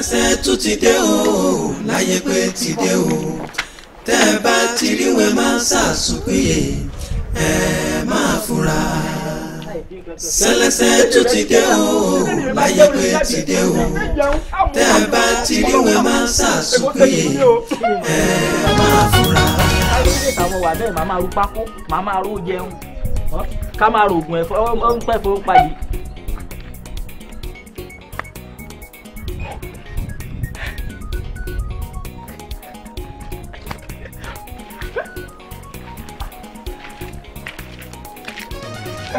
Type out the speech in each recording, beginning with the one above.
ẹsẹ̀ tún ti dé o láyé pé ti dé o tẹ́ ẹ bá ti rí wọn máa ṣàṣùpìyè ẹ máa fura. sẹlẹsẹ tún ti dé o láyé pé ti dé o tẹ́ ẹ bá ti rí wọn máa ṣàṣùpìyè ẹ máa fura. káyọ̀dé táwọn wà bẹ́ẹ̀ màá máa ru pákó màá máa ru jẹun ká máa rògùn ẹ̀fọ́ ó ń pẹ́ fún pàdé.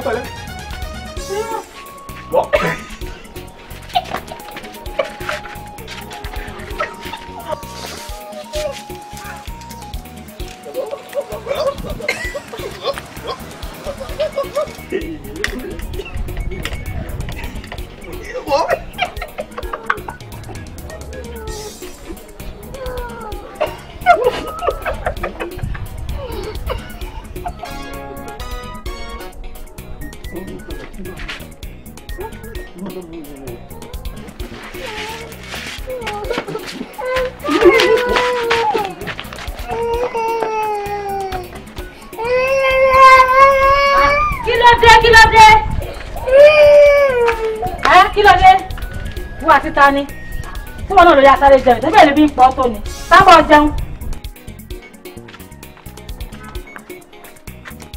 これ。わ。What? ta ni tí wọn náà lórí asáré jẹun tẹ́bẹ̀ lè bí ń pọ̀ tó ni sábà jẹun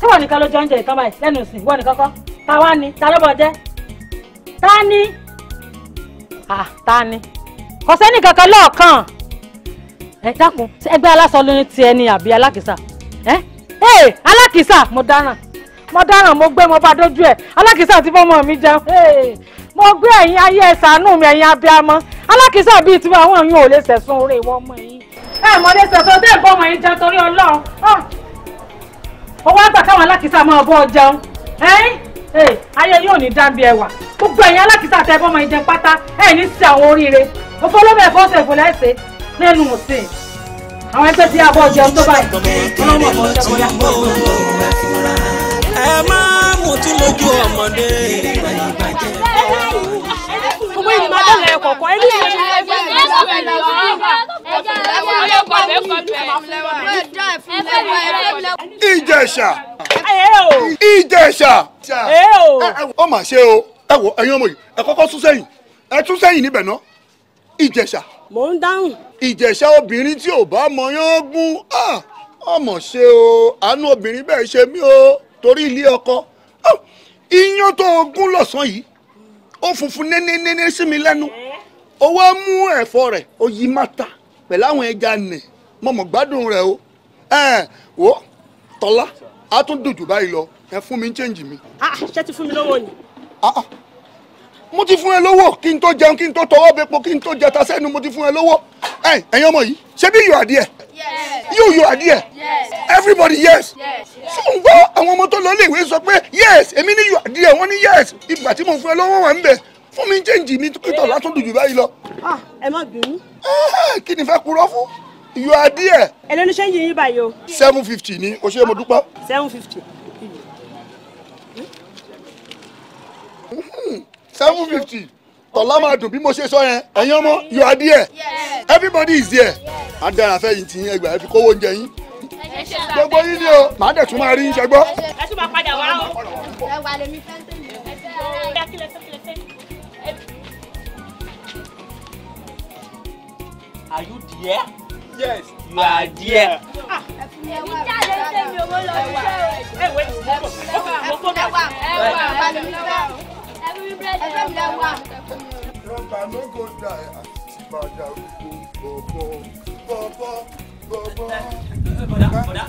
tí wọn nìkan ló jẹ oúnjẹ ìtàn báyìí lẹ́nu ìsìn wọn nìkan kọ́ ta wá ni ta ló bọ̀ jẹ́ ta ni ta ni kò sẹ́ni kankan lọ́ọ̀kan ẹ dákun ẹgbẹ́ aláṣọ lóyún ti ẹni àbí alákìsà ẹ ẹ alákìsà mo dáràn mo dáràn mo gbé mo bá dójú ẹ alákìsà ti fọmọ mi jẹun mo gbé ẹ̀yin ayé ẹ mi ẹ̀yin abiyamọ alákìísà bíi tiwọn àwọn èèyàn ò lè sẹ̀sùn orí wọn mọ ẹ̀yin. ẹ mọ lè sẹ̀sùn tẹ́ ẹ̀gbọ́n ọmọ yìí jẹun torí ọlọ́run ah! owó àgbà káwọn alákìísà máa bọ́ jẹun eh, ayé yóò ní dábìí ẹwà gbogbo ẹ̀yin alákìísà tẹ́ ẹ̀gbọ́n ọmọ yìí pátá ní sí àwọn oríire òsìn àwọn a ìwé yìí máa bẹ̀rẹ̀ kọ̀ọ̀kan ẹni ìwé yìí máa bẹ̀rẹ̀ kọ̀ọ̀kan. Ìjẹ̀ṣà. Ìjẹ̀ṣà. Ó mà ṣe o ẹ wo ẹ̀yin ọmọ yìí ẹ kọ́kọ́ sún sẹ́yìn ẹ tún sẹ́yìn níbẹ̀ náà Ìjẹ̀ṣà. Mò ń dáhùn. Ìjẹ̀ṣà obìnrin tí ò bá mọ gún ọmọ ṣe o àánú obìnrin bẹ́ẹ̀ ṣe mí o torí ilé ọkọ iyán tó gún lọ́sàn yìí ó funfun nénénéné sí mi lẹ́nu ó wá mú ẹ̀fọ́ rẹ̀ ó yí mata pẹ̀lú àwọn ẹja nì mọ̀mọ́ gbádùn rẹ̀ o ẹ̀ wò tọ́lá a tún dùn jù báyìí lọ ẹ fún mi ń chẹ́ǹjì mi. Ah, ah, ṣé ti fún mi lówó ni. Ah, mo ti fún ẹ lówó kí n tó jẹun kí n tó tọwọ́ bepo kí n tó jẹta sẹ́nu mo ti fún ẹ lówó ẹ̀yin ọmọ yìí ṣé bí yọ adìẹ Yes. You, you are there. Yes. Everybody, yes. Yes. So ń gbọ́ àwọn ọmọ tó lọ léèwé sọ pé yes, èmi ní you are there, wọ́n ní yes. Ìgbà tí mo fún ẹ lọ́wọ́ wà ń bẹ̀ fún mi jẹ́ǹjì mi kíkọ́ látún dùjú báyìí lọ. Ah, ẹ má bínú. Kí ni fẹ́ purọ́ fún? You are there. Èlé oníṣẹ́ yìí yín báyìí o. Seven fifty ni o ṣe mo dúpẹ́. Ah, seven fifty. Hmm, seven fifty tọ́lá máa dùn bí mo ṣe sọ yẹn ẹ̀yin ọmọ you are there everybody is there adara fẹ́yìn tì yín ẹgbàá ẹ kówó oúnjẹ yín gbogbo yín ni o màá dẹ̀ tún máa rí iṣẹ́ gbọ́. ẹ tún máa padà wá o. ẹ wà lèmi fẹ́ ń tẹ̀lé. ẹ kílẹ̀ fẹ́ kílẹ̀ fẹ́. Are you there? Yes. You are there. Ẹ̀mí jáde ń tẹ̀lé owó lọ sí ẹ̀. Ẹ̀wẹ̀ mo fọ́nà. Ẹ̀wà ẹ̀wà ẹ̀wà lèmi fẹ́ ẹ̀fún búrẹ́dì ẹ̀fún mi lẹ́wọ́. rọ́bà no go dry àti bàdà gbogbo bọ̀bọ̀ bọ̀bọ̀ bọ̀bọ̀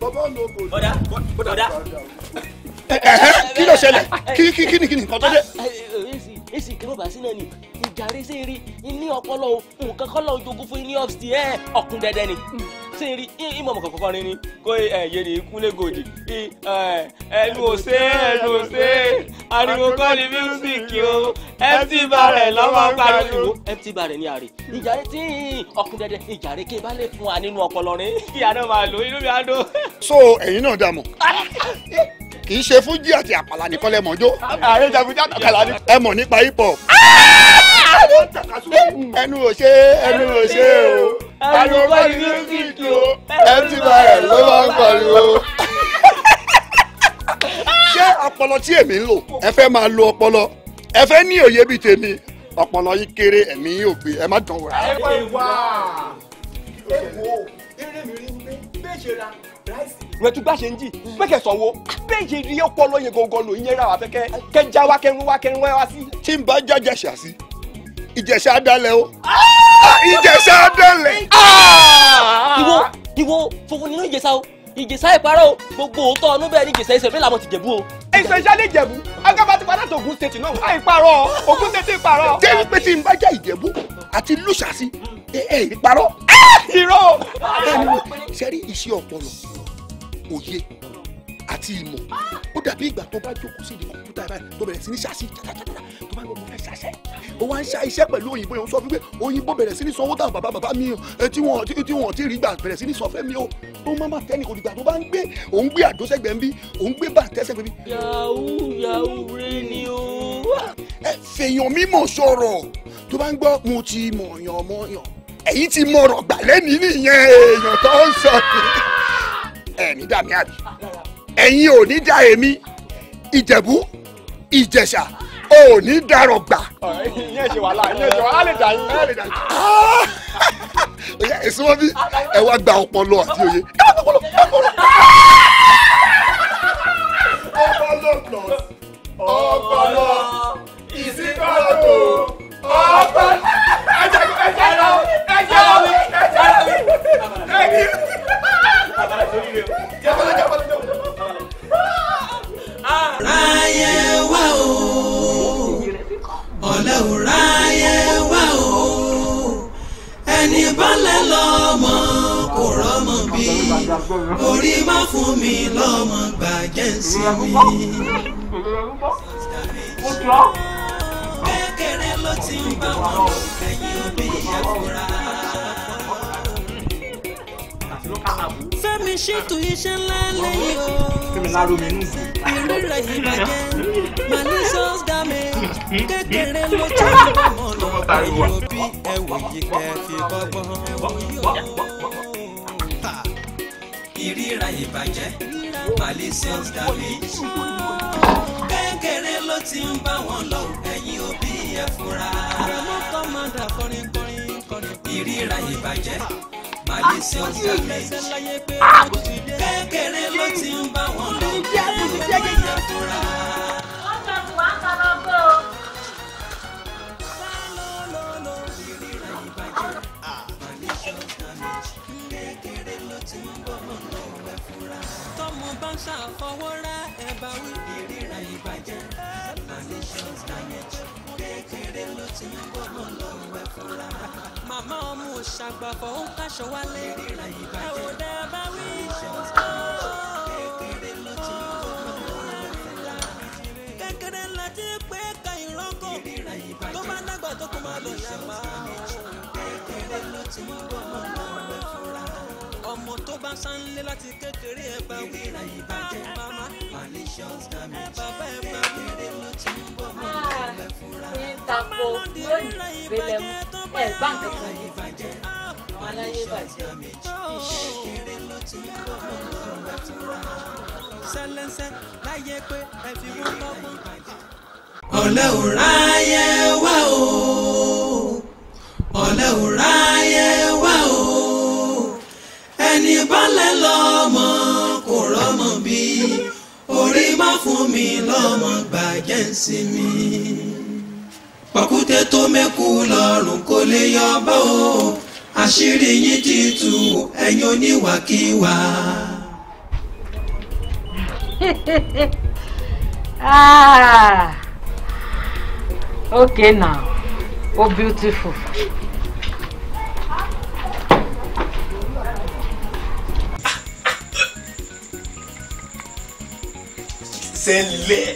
bọ̀bọ̀ no go dry àti bàdà kí ló ṣẹlẹ̀ kí kí ni kí ni nǹkan tó dé. èsì kí ló bá sí náà ni ìjà rẹ ṣe rí ní ọpọlọ nǹkan kọlọ ojoogun fún ní ọfíìsì ẹ ọkùn dẹdẹ ni tí n rí ìmọ̀ ọmọ kọ̀ọ̀kan rí ni kó yèrè ikúnlẹ̀ gòdì ẹnu òsè ẹnu òsè ariwo kọ́ ni mísíkì o ẹtì bàrẹ̀ lọ́mọ pariwo ẹtì bàrẹ̀ ni àrè ìjàre tí ọkùn dẹdẹ ìjàre kí n bá lè fún wa nínú ọpọlọ rẹ kí àná máa lò inú mi á dùn. so ẹ̀yin náà dà mọ́. kì í ṣe fújì àti àpàlà nìkan lẹ mọ̀ jó. ààrẹ jàgùdà àpàlà ni. ẹ mọ̀ nípa hip hop. ẹnu ò ṣe ẹnu ò ṣe o. ẹnu bá ní fídíò ẹtì báyọ̀ ló máa ń pariwo. ṣé ọpọlọ tí èmi ń lò ẹ fẹ́ máa lo ọpọlọ ẹ fẹ́ ní òye bíi tèmi ọpọlọ yín kéré ẹ̀mí yín gbé ẹ má dán wò ẹ wá ẹ mi rí bẹ́ẹ̀ ṣe ra rẹ tún gbàṣẹ ń jì pẹkẹ sanwó péjì rí ọpọlọ yẹn gangan lò yẹn ra wà fẹkẹ kẹjá wa kẹrin wa kẹrin wa sí. tí n bá jájà ṣàṣì ìjẹ̀ṣà dalẹ̀ o ah! ìjẹ̀ṣà dalẹ̀. Ah! ìwọ ìwọ fọwọ́ nínú ìjẹ̀ṣà o ìjẹ̀ṣà ìparọ́ o gbogbo òótọ́ ọdún bẹ́ẹ̀ ni ìjẹ̀ṣà ìṣẹ̀lẹ̀ làwọn ti jẹ̀bú o. ìṣẹ̀ṣẹ̀ ní ìjẹ̀bú agbábá ti padà tó Ògùn state náà àì parọ́ Ògùn state parọ́. débi pé tí n bá jẹ́ ìjẹ̀bú àti lùsàsì ẹ ẹ ìparọ́. Ah, irọ́. sẹ́rí iṣẹ́ ọpọlọ òye àti ìmọ̀ ó dàbí ìgbà tó bá jókòó sí ìdí kọ̀ǹpútà ẹ̀ báyìí tó bẹ̀rẹ̀ sí ní ṣáṣí tàtàtàtà tó bá ń gbọ́ mo fẹ́ ṣàṣẹ. ó wá ń ṣá iṣẹ́ pẹ̀lú òyìnbó yẹn ó sọ wípé òyìnbó bẹ̀rẹ̀ sí ní sanwó táwọn bàbá bàbá mi eh, tí wọ́n ti rí gbà bẹ̀rẹ̀ sí ní sanfẹ́ mi o tó má má tẹ́nì kòdìgbà tó bá ń gbé òun gbé àdósẹ́gbẹ̀ ń bí òun gbé bàtẹ́sẹ̀gbẹ̀ bí. yahoo yahoo rẹ ni o. ẹ fèèyàn mímọ̀ sọ̀rọ̀ tó bá ń gbọ́ mo ti mọ̀yàn mọ̀yàn ẹ̀yin ti mọ̀rọ̀ gbà lẹ́nìí nìyẹn èèyàn tó ń sọ ẹ̀ ní dàmí àbí ẹ̀yin ò ní da èmi ìjẹ̀bú ìjẹ̀ṣà ò ní darọ̀ gbà. ìyẹn ṣe wàhálà ìyẹn ṣe wàhálà á lè dà yín á lè dà yín. èso wọn bí ẹ wá gba ọpọlọ àti òye. ọpọlọ ọpọlọ. ọpọlọ lọ. máa romi inú ìlú. ìrírà ìbàjẹ́ malicious damage kékeré ló jẹ́ ìbámu lọ èyí òbí ẹ̀wọ̀n yìí kẹ́ fi kọ́gbọ́n yóò. ìrírà ìbàjẹ́ malicious damage kékeré ló ti ń bá wọn lọ ẹ̀yin òbí ẹ̀ fura. àrùn kọ́mọdà kọrin kọrin kọrin. ìrírà ìbàjẹ́ malicious damage kékeré ló ti ń bá wọn lọ. congratulations Nayẹ̀tù kékeré ló ti ń gbọ́mọ lọ́wọ́ ẹ̀ fúnra. màmá ọmọ òṣàgbàfọ̀ ó kàṣọ wálé ẹ ò dẹ́ ẹ bá wí. kékeré ló ti ń gbọ́mọ lọ́wọ́ ẹ̀ fúnra. kékeré la ti pé ka ìrókò tó bá dàgbà tó kó máa lọ yàgbá. kékeré ló ti ń gbọ́mọ lọ́wọ́ ẹ̀ fúnra ọmọ tó bá sánlé láti kékeré ẹ bá wí. ìrìnà ìbàjẹ́ mama malicious damage ní tako lónìí gbẹlẹmú ẹ bá nǹkan kan yé bàjẹ́ wọn aláyé bàjẹ́ sẹlẹsẹ láyé pé ẹ fi wọn kọ́kọ́. ọ̀lẹ́ ò ráyé wá o ọ̀lẹ́ ò ráyé wá o ẹni balẹ̀ lọ́mọ kò rọ́mọ bí orí má fún mi lọ́mọ gbàjẹ́ sí mi pàkúté tó mẹ́kù lọ́rùn kò lè yọ bá o àṣírí yín ti tú ẹ̀yin oníwàkiwà. ah, okay now oh beautiful. sẹ́lẹ̀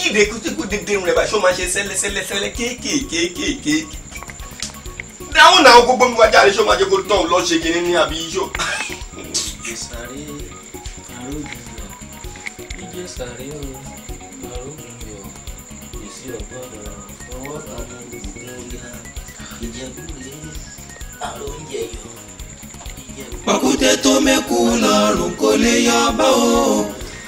kíde kútíkú dédé rẹ báyìí ṣó máa ṣe sẹ́lẹ́sẹ́lẹ́sẹ́lẹ́ kéékèèkéékèèké dáhùn náà gbogbo mi wájà rẹ ṣó máa jẹ́ kó tọ̀ lọ ṣe kinní ní àbí iṣó. ìsàré àrògùnyọ̀ jíjẹ́ sàré àrògùnyọ̀ èsì ọ̀gbọ́dọ̀ ọwọ́ kan gbogbo ya ìjẹkùlé àròjẹ yọ. pàkúté tó mẹ́kù lọ́rùn kò lè yọ bá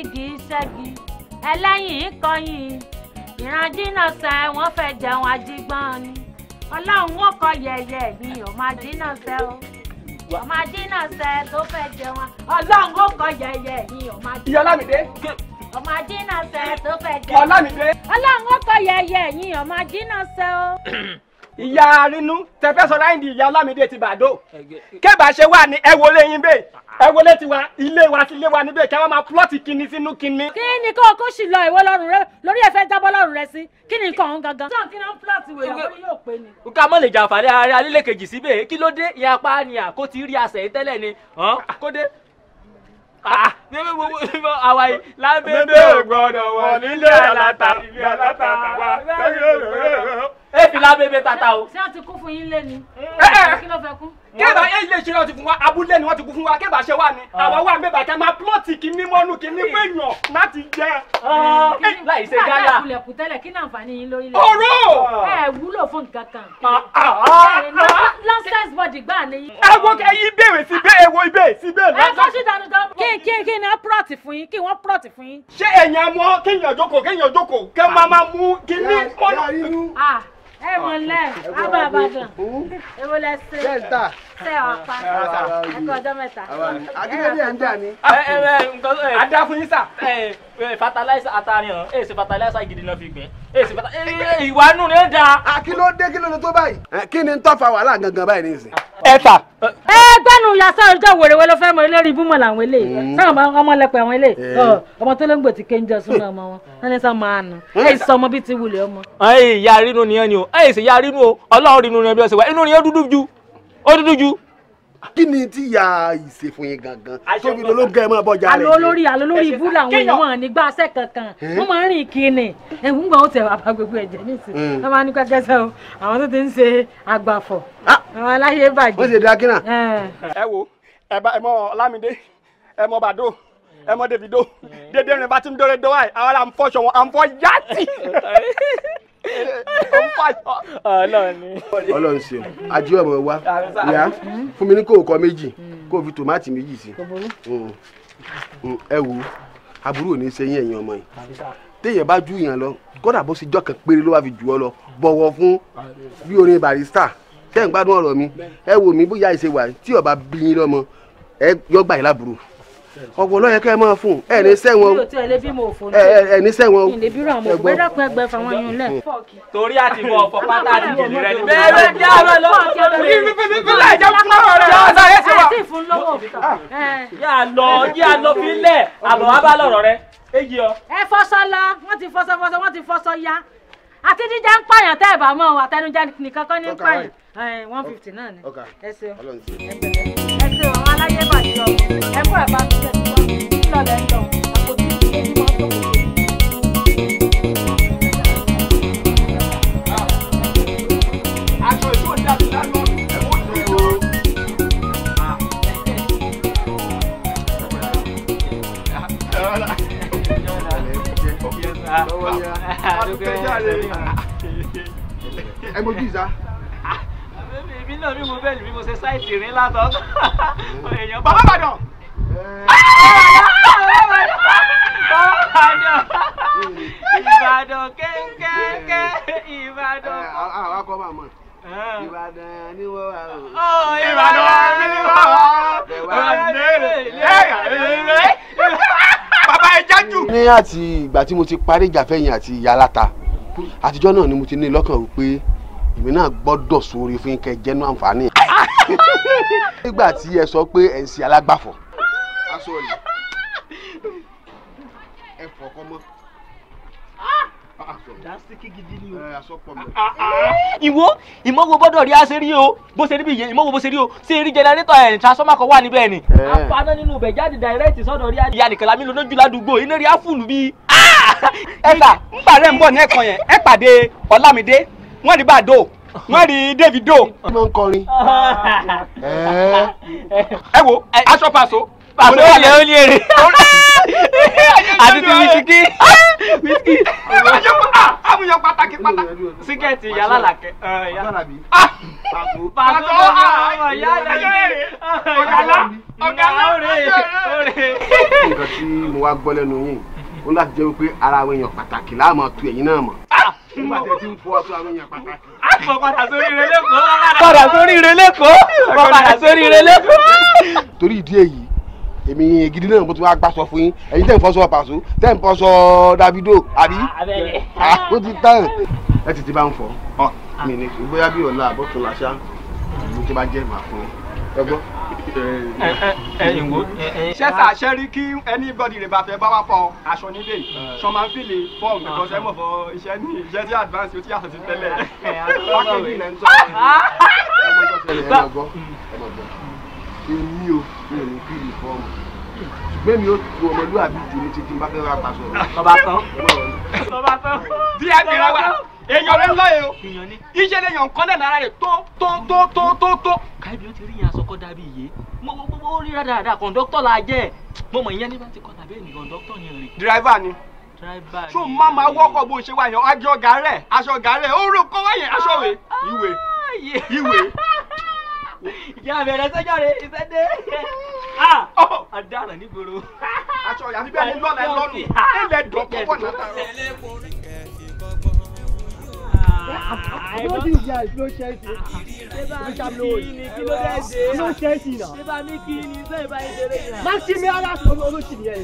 onígi ṣẹ́gi ẹlẹ́yìn kọyìn ìrandínà sẹ wọ́n fẹ́ jẹun ajígbọ́n ni ọlọ́run ó kọ yẹ̀yẹ̀ ni ọmọ o ọmọ tó fẹ́ jẹun ọlọ́run ó kọ yẹ̀yẹ̀ ni ọmọ ìyá lámìdé ọmọ tó fẹ́ jẹun ọlọ́run ó kọ yẹ̀yẹ̀ ni ọmọ o. ìyá arínú tẹfẹ́ sọ láyìn di ìyá ọlámídé ti bàdó kébà ṣe wà ní ẹ wọlé yín bẹ́ẹ̀ ah, ah. ẹ wọlé tiwa ilé wa sí ilé wa níbẹ̀ kí wọ́n máa plọ́ọ̀tì kinní sínú kinní. kí ni kó o kó sì lọ ìwọ lọ́rùn rẹ lórí ẹ̀fẹ́ jábọ́ lọ́rùn rẹ sí kí ni nǹkan ọ̀hún gangan. sọ̀n kí náà plọ́ọ̀tì wèrè lórí yóò pé ni. nǹkan mọ̀ lè jàǹfààní ara lílé kejì síbẹ̀ kí ló dé ìyá apá ni à kó ti rí àṣẹ tẹ́lẹ̀ ni kó dé ah, níbi gbogbo àwa yìí lábẹ́ bẹ́ẹ̀ gbọ́dọ̀ wọ̀ nílé aláta ìlú aláta wa ẹ fi lábẹ́bẹ́ tata o. ṣé o ti kún fún yín lé ni. kí ló fẹ́ kún. kébà ẹ ilé ìṣẹ́lẹ̀ ti fún wa abúlé ni wọ́n ti kún fún wa kébà ṣe wà ní. Ah. àwa wà bẹ́ẹ̀ bàtà máa plọ́ọ̀tì kìíní mọ́nú kìíní péyàn láti jẹ. Ah. Eh, láì ṣe gálà. nígbà tí àkùlẹ̀ kù tẹ́lẹ̀ kí náà fàní yín lórí ilẹ̀. ọ̀rọ̀. ẹ wúlò fún nǹkan kan. Ah, nonsense body gbà ni. ẹ wo kẹ yí béèrè sí bẹ́ẹ̀ wo ibẹ̀ sí bẹ́ẹ̀ lọ́sọ̀. ẹ kọ́ sí ìdánù gan. kí kí kí ni wọ́n prọ́ọ̀tì fún yín kí wọ́n prọ́ọ̀tì fún yín. ṣé ẹ̀yin amọ́ kéèyàn jókòó kéèyàn jókòó kẹ́ máa máa mú kíní ẹ mọ̀ nílẹ̀ abàbàdàn èwo lẹ ṣe tẹ ọ̀pá ẹ̀kọ́ ọjọ́ mẹ́ta. akíndélé ẹ̀ ń jà ní. adáfún ah, yín sà fatalaisa atari hàn èsì fatalaisa gidi náà fi gbìn èsì fatalaisa ìwà nù ni ń tọ́ fa wàhálà gangan báyìí ní ìsìn. ẹ fà. ẹ gbẹ́nu yasọ ìjọ wèrèwé ló fẹ́ mọ eléyìí bímọ làwọn eléyìí sáwọn mm. ọmọ lẹpẹ àwọn eléyìí eh. ọmọ tó ló ń gbòtì kéńjọ súnmọ́ ọmọ wọn wọn ní sọ máa nù eh. ẹ sọ ni ẹ ni o ẹ ìsì ìyá rínú o ọlọ́run rínú ni ẹ bí ọ ó dúdú ju. kí ni tí ya ìṣe fún yín gangan tóbi ló gẹ mọ bọjá rẹ. àlọ olórí àlọ olórí ibú làwọn èèyàn wọn nígbà àṣẹ kankan wọn máa ń rìn kíni ẹ̀hún gbà ó tẹ̀ bàbá gbogbo ẹ̀jẹ̀ nísìnyí mm. wọn máa ní kẹ́kẹ́sẹ́ o àwọn tó ti ń ṣe àgbàfọ̀ ah! àwọn aláyé bàjẹ́. wọ́n ṣe dákínà. ẹ wo ẹ bá ẹ mọ Ọlámídé ẹ mọ Bàdó ẹ mọ Davido mm. dédé rìn bá tún ń fọ ṣọwọ́n ọlọ́run ṣeun ajé ọmọ wa ìyá fún mi ní kòkó méjì kó fi tòmátì méjì sí ẹ wò ó aburú ò ní ṣe yín ẹ̀yin ọmọ yìí téèyàn bá ju yàn lọ kódà bó ṣe jọ́ kan péré ló wá fi jù ọ lọ bọ̀wọ̀ fún bí orin barista tẹ́ ń gbádùn ọ̀rọ̀ mi ẹ wò mí bóyá ìṣe wà tí ọba bí yín lọ́mọ ẹ yọgbà yìí láburú ọ̀pọ̀ lọ́yẹ kẹ́ ẹ máa fún ẹ ní sẹ́wọ̀n ẹ ní sẹ́wọ̀n ẹgbọ́n. torí àti bọ̀ ọ̀pọ̀ pátá àti jìnnì rẹ ni bẹ́ẹ̀ bẹ́ẹ̀ bí àwọn lọ́wọ́ kí ọ̀rọ̀ rẹ ní fífílẹ̀ ìjà púpọ̀ rẹ ọ̀sán yẹn sì wà. yà lọ yà lọ fílẹ̀ àbọ̀ wá bá lọ̀rọ̀ rẹ èyí ọ. ẹ fọṣọ lọ wọn ti fọṣọ fọṣọ wọn ti fọṣọ ya àti jíjẹ ń pààyàn tẹ́ ẹ̀ bá mọ̀ ọ́ àtẹnujẹ nìkan kọ́ ní ń pààyàn one fifty náà ni ẹ ṣeun ẹ ṣeun àwọn aláyẹ àjọ ẹ náà mi mo bẹ́ẹ̀ lù mí mo ṣe sáìtì rí látọ̀ èèyàn bàbá bàdàn. Ìbàdàn kẹ́ńkẹ́ńkẹ́ Ìbàdàn. Àwọn akọ máa mọ̀. Ìbàdàn ni wọ́n wà o. Ìbàdàn ni wọ́n wà o. Ìbàdàn ni wọ́n wà o bàbá ẹ jájú. ní àti ìgbà tí mo ti parí ìjàfẹ́yìn àti ìyá aláta àtijọ́ náà ni mo ti ní lọ́kàn wípé èmi náà gbọ́dọ̀ sóore fún kẹ jẹ́nu àǹfààní. nígbà tí ẹ sọ pé ẹ ń ṣe alágbàfọ̀. aṣọ yìí ẹ fọkọ mọ. dasiki ìmọ̀wò gbọ́dọ̀ rí aṣẹ́ o bó ṣe rí bí ìmọ̀wò bó ṣe rí o ṣe rí jẹnẹrétọ̀ ẹ̀ transformer kan wà níbẹ̀ ni. àpáná nínú ibẹ̀ jáde direct sọ́dọ̀ rí àdìyẹ. ìyá nìkan lámì lójú ládùúgbò iná rí àfùlù bíi. Ah! ẹ gbà ń gbà rẹ̀ ń bọ̀ ní ẹ̀kan yẹn ẹ pàdé Ọlámídé wọ́n rí bàdó wọ́n rí Davido. mo ń kọrin. ẹ wo aṣọ paṣọ. paṣọ wà lẹ́yìn ní èrè. àti ti wisiki. wisiki. Ah, àmúyọ pàtàkì pàtàkì. síkẹ́ẹ̀tì yàrá làkẹ́. Ah! paṣọ paṣọ yàrá èrè. ọ̀gá ah, lá ọ̀gá lá ọ̀rẹ́. nǹkan tí mo wá gbọ́ lẹ́nu yìí ó láti jẹ́ wípé ara àwọn èèyàn pàtàkì láàmú tu ẹ̀yìn náà mọ̀. Ah! Ah! padà sórí ire lẹ́kọ̀ọ́. padà sórí ire lẹ́kọ̀ọ́. torí ìdí èyí èmi gidi náà mo ti wá gbàsọ fún yín ẹ̀yin tẹ̀ ń fọṣọ pàṣọ tẹ̀ ń fọṣọ Davido àbí. Ah, ó ti tán ẹ ti ti bá ń fọ mi ní bóyá bí ọ̀la àbọ̀tún làṣà mo ti bá jẹ́ màá fún ẹ gbọ́ sẹ́sà sẹ́rí kí anybody rẹ̀ bá fẹ́ bá wà fọ aṣọ nílé sọmọ fìlè fọ́ọ̀mù nǹkan sẹ́ mọ̀ fọ iṣẹ́ ní iṣẹ́ tí advance yóò ti yàtọ̀ sí tẹ́lẹ̀ pákéjì lẹ́ ń sọ ẹ̀ mọ̀ èmi ò mi ò ní fìlè fọ́ọ̀mù ṣùgbọ́n mi ò tu ọmọlúwàbí jù ní títí bá fẹ́ wà pàṣọ. tọ́ba tán tọ́ba tán díẹ̀ mi rẹ̀ wà èèyàn rẹ ńlá yìí o iṣẹ́ lèèyàn kan náà lára rẹ̀ tó tó tó tó tó tó. káyọ̀bí ó ti rí ìyẹn aṣọkọ́ dàbí iye mo mo mo rí dáadáa kọ̀ǹdọ́tọ̀ la jẹ́ mo mọ̀ ìyẹn ní bá ti kọ́ tàbí ènìyàn kọ̀ǹdọ́tọ̀ yẹn rè. dírẹ́fà ni ṣó má máa wọ́kọ̀ bó ṣe wà yẹn aṣọ gàárẹ̀ aṣọ gàárẹ̀ ó kọ́ wáyẹn aṣọ rẹ̀ ah, ìwé ìwé. ìyá bẹ̀rẹ̀ sẹ́jọ́ rẹ̀ ìfẹ́ dé àdàrà ah, oh. nígboro. aṣọ yàtí ni lọ́la ẹ lọ́nu ẹ lẹ́ ah, dọ̀kọ́ pọ̀ látàrọ àbọ̀dì ìjà ló ṣe é ṣe ló ṣàlóyè kí ló dé ṣe ló ṣe é ṣe náà. ìbá kí ni sọ ìbá yín ṣeré yìí. má ara sọ olóṣì nìyẹn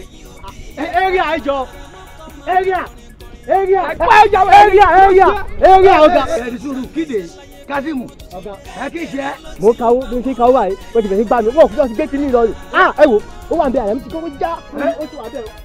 area ìjọ area area area area area ọ̀gá. ẹ̀rí sùúrù kíde kazimu ẹ kì í ṣe. mo kawó bí n ṣe kawó báyìí wọ́n ti bẹ̀rẹ̀ gbà mí wọ́n kúkọ́ ti gbé kínní lọ rè. Ah, ẹ wò ó wà ń bẹ àyà mi ti kọ́kọ́ já ó tún wà bẹ́ẹ̀.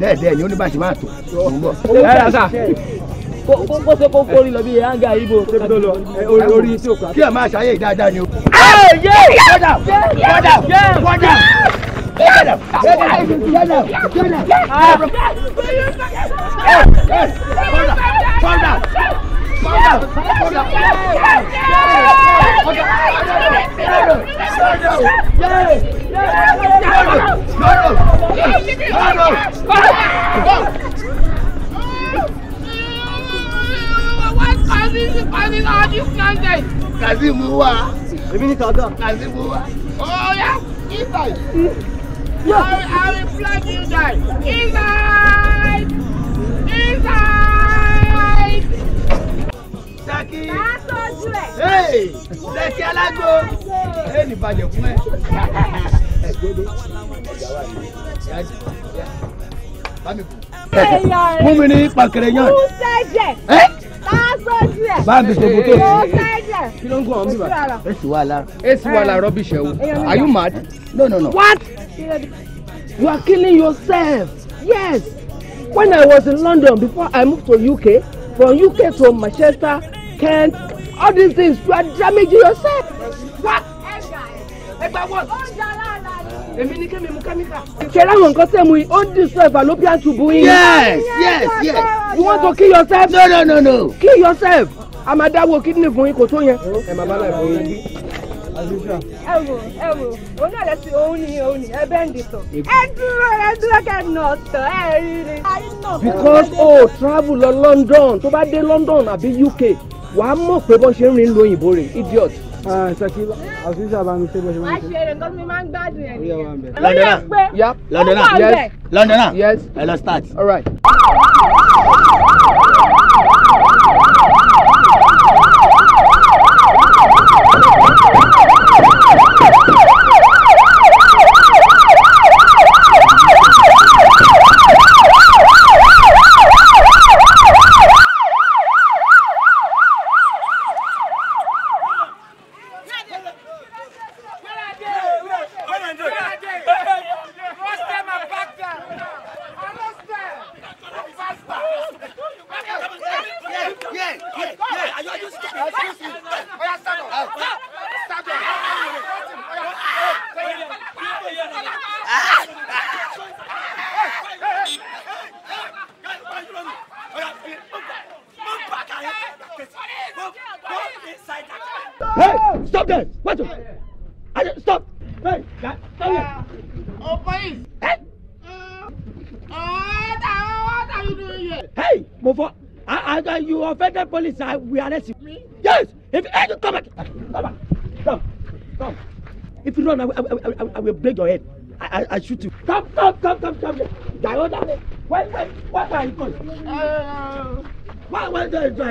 bẹ́ẹ̀ bẹ́ẹ̀ ni ó ní bá ṣe máa tó mò ń bọ̀. ẹ ẹ sà kó ṣe kó kórì lọ bí hanga ibo. orí tí o kà. kí ẹ máa ṣàyè dáadáa ni o. yé kọ́dà kọ́dà kọ́dà. Kọ́dà kọ́dà kọ́dà. Kazimu wa. Èmi ni Kaga. Kazimu wa. Oh yeah, inside. Yeah. I, I will flag you guys. Inside. Inside. Ṣakí Ṣakí alágbó ẹ ní bàjẹ́ fún ẹ. fún mi ní pàkẹrẹ yàn. báàbí tó kótó kí ló ń gún ọ bí bàbá. èsì wà lára. èsì wà lára rọ́bìṣẹ́ o are you mad. no no no. what you are killing yourself yes when i was in London before i moved to UK from UK to Manchester, Kent, all these things, you are damaging yourself. What? Yes, yes, yes. You want to kill yourself? No, no, no, no. Kill yourself. I'm a dad yín kò you, yẹn ẹ wò òun náà lẹ sí òun ni òun ni ẹ bẹ́ẹ̀ ń dìtọ̀ ẹ dúró ẹ dúró kẹ́ nà tọ̀ ẹ rí because o oh, travel lọ London tó bá dé London àbí UK wàá mọ̀ pé bọ́n ṣe ń rìn lo òyìnbó rè idiot ah, sakila asisa bá mi ṣe bó ṣe máa ń ṣe. àṣeyọrẹ nǹkan mi máa ń gbádùn ẹ nìyẹn. lọ́dọ̀ náà lọ́dọ̀ náà lọ́dọ̀ náà start. all right.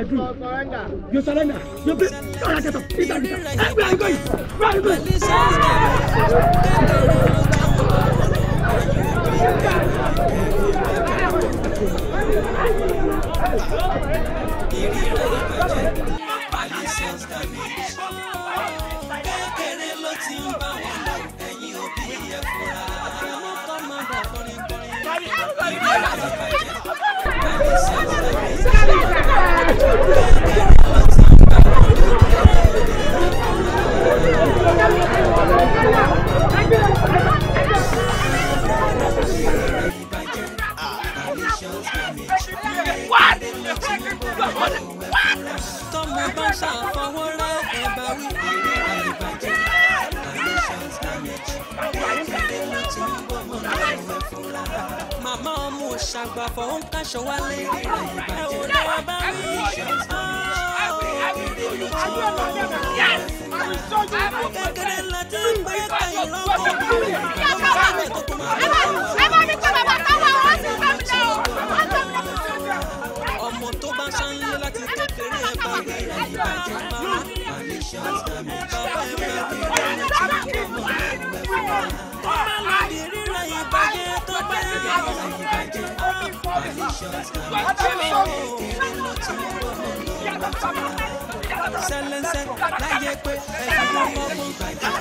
I do. You surrender. You surrender. ọmọ tó bá ṣánlé láti kékeré ẹ bá ọmọ fún wa.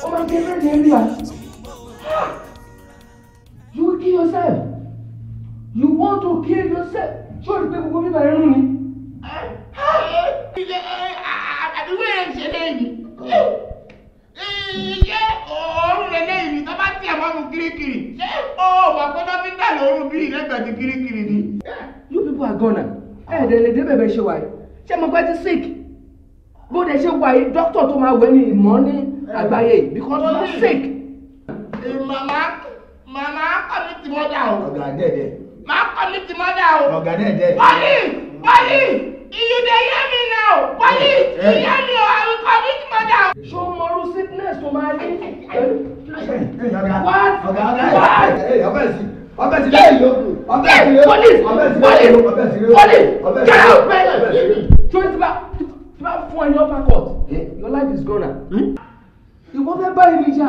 Over different areas. You kill yourself. You want to kill yourself. Show the people who be by running. bẹ̀bẹ̀ ṣe wà yìí ṣé mo pẹ́ ti sick bó dẹ̀ ṣe wà yìí dókítà tó máa wẹ̀ ní ìmọ̀ ní àgbáyé because mo sick. Mama, mama, kọ́ mi ti mọ́dà o. ọ̀gá dẹ̀dẹ̀. màá kọ́ mi ti mọ́dà o. ọ̀gá dẹ̀dẹ̀. bọ́lí bọ́lí you dey hear me now bọ́lí you hear me o i will commit murder. ṣó mọrú sickness tó máa ní. what what ọbẹ̀ sí lẹ́yìn lókun ọbẹ̀ sí lẹ́yìn police police police get out man so ti ba ti ba fún ẹni upper court eh? your life is gone na. Hmm? ìwọ fẹ́ bá èmi jà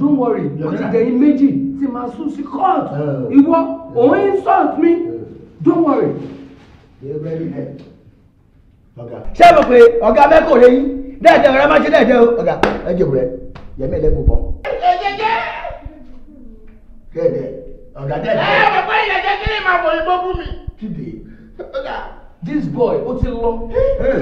don't worry o ti dẹ̀yìn méjì tí màá sùn sí court oh. ìwọ òun insult mi oh. don't worry. ṣé mo pe ọ̀gá mẹ́kọ̀ọ́ lẹ́yìn dẹ́ẹ̀dẹ́ ọ̀rẹ́ máa ṣe dẹ́ẹ̀dẹ́ ọ̀gá ẹ̀jẹ̀ rẹ̀ yẹ̀mí ẹ̀lẹ́gbọ̀n. ọ̀gá dẹ̀ this boy ó ti lọ.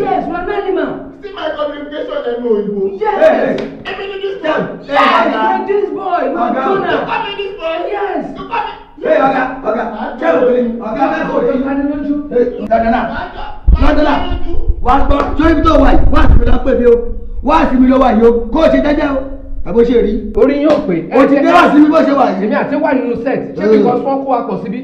yes my are ready ma. see my communication ẹnu òyìnbó. yes èmi ni this boy. yes this boy we are gonna. you call me this boy. yes you call me. Hey, ọ̀gá, ọ̀gá, kẹ́ ò pé ọ̀gá mẹ́kọ̀ọ́ yìí. Dandana, dandana, wà gbọ́, sórí tó wà yìí, wà sì mi lọ pè mí o, wà sì mi lọ wà yìí o, kó o ṣe jẹ́jẹ́ o àbó ṣe rí. orí yóò pé. o ti dé wá síbi bó ṣe wà yìí. èmi àti wà nínú set ṣé because wọ́n kó wa pọ̀ síbí.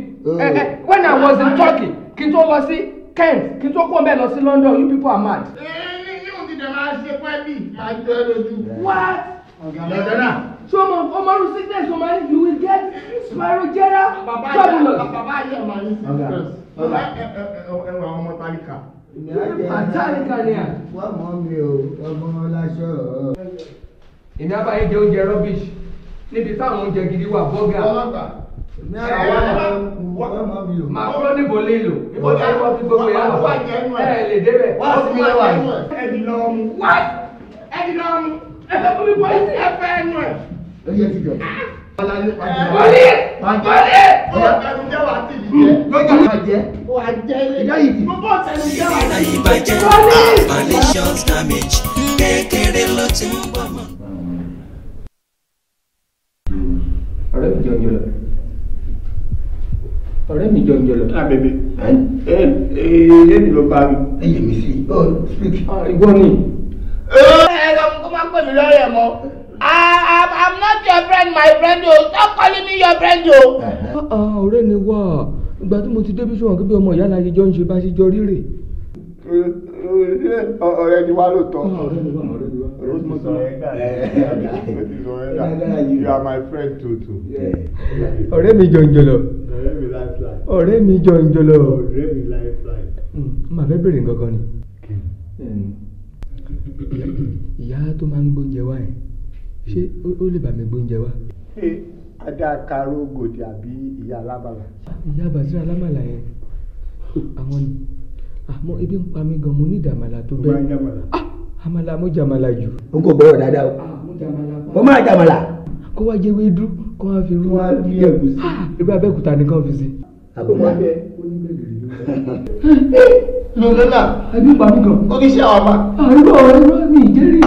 when I was in Turkey kí n tó lọ sí Kent kí n tó kó mẹ́ lọ sí London you people are mad. ẹni yóò ti dẹ̀ máa ṣe pẹ́ẹ́bì máa jọ ẹ lójú. what. ọ̀gá náà. so mo o ma ru sickness o ma you will get spirogyra trouble. bàbá ayé ọmọ yìí sickness. ọ̀gá ẹwà ọmọ tálíkà. tálíkà ni à. wọ́n mọ̀ mi o ọmọ ọlá ṣọ́ọ̀ èmi àbáyé jẹ oúnjẹ rubbish níbi táwọn oúnjẹ gidi wà bọ́gà màkúrọ́ níbo lélo níbo tí wọ́n fi gbogbo yà wá ẹ̀ lè débẹ̀ wá sí mi lọ́wọ́ yìí. ẹni lọ mu wá ẹni lọ mu ẹni mi bọ́ sí ẹfẹ́ ẹnu ẹ̀. ẹ yẹ ti jọ. bọ́lí bọ́lí lọ́jọ́ wa jẹ́ ìbàjẹ́ avalanche damage kékeré ló ti ń bọ̀ mọ́. ọ̀rẹ́ mi jẹun jọlọ ọ̀rẹ́ mi jẹun jọlọ. abẹbẹ ẹ ẹ ẹ mi ló bá mi. ẹ yẹ mi sí ọ speak. ìwọ ni. ẹ lọ kó má pè mí lórí ẹ mọ́ i'm not your friend my friend o stop calling me your friend o. ọ̀rẹ́ ni wá ìgbà mo ti débi sọ̀rọ̀ kí bí ọmọ ìyá la ṣe jọ ń ṣe bá ṣe jọ rírè ọ̀rẹ́ ni wá lóòótọ́. Ah, ọ̀rẹ́ ni wá ọ̀rẹ́ ni wá. o ti sọ ẹ o ti sọ ẹ dà you are my friend too too. ọ̀rẹ́ mi jọ̀njọ̀lọ̀. ọ̀rẹ́ mi lifeline. ọ̀rẹ́ mi jọ̀njọ̀lọ̀. ọ̀rẹ́ mi lifeline. màá hmm, fẹ́ bèrè nǹkan kan ni hmm. ìyá tó máa ń gbóúnjẹ wá yẹn ṣé ó lè bá mi gbóúnjẹ wá. ṣé adá karó gòdì àbí ìyá alábàlà. ìyá bàtírà alábàlà yẹn àwọn ni àmọ́ ah, ebi ń pa mí gan mo ní ìdàmàlà tó bẹ́ẹ̀ ah àmàlà mo jàmàlà jù. o kò gbọ́dọ̀ dáadáa o ah, o máa jàmàlà. kó wá jẹ́ wéédú kó wá fi rú. wá rí ẹ̀gúsí. Ah, irú abẹ́òkúta nìkan fi si. àbùmá lọ́lọ́lá ẹbí pàmí kan. ó kì í ṣe àwọn ọba. àrùbọ̀ ọ̀rọ̀ mi ìjẹ́rìí.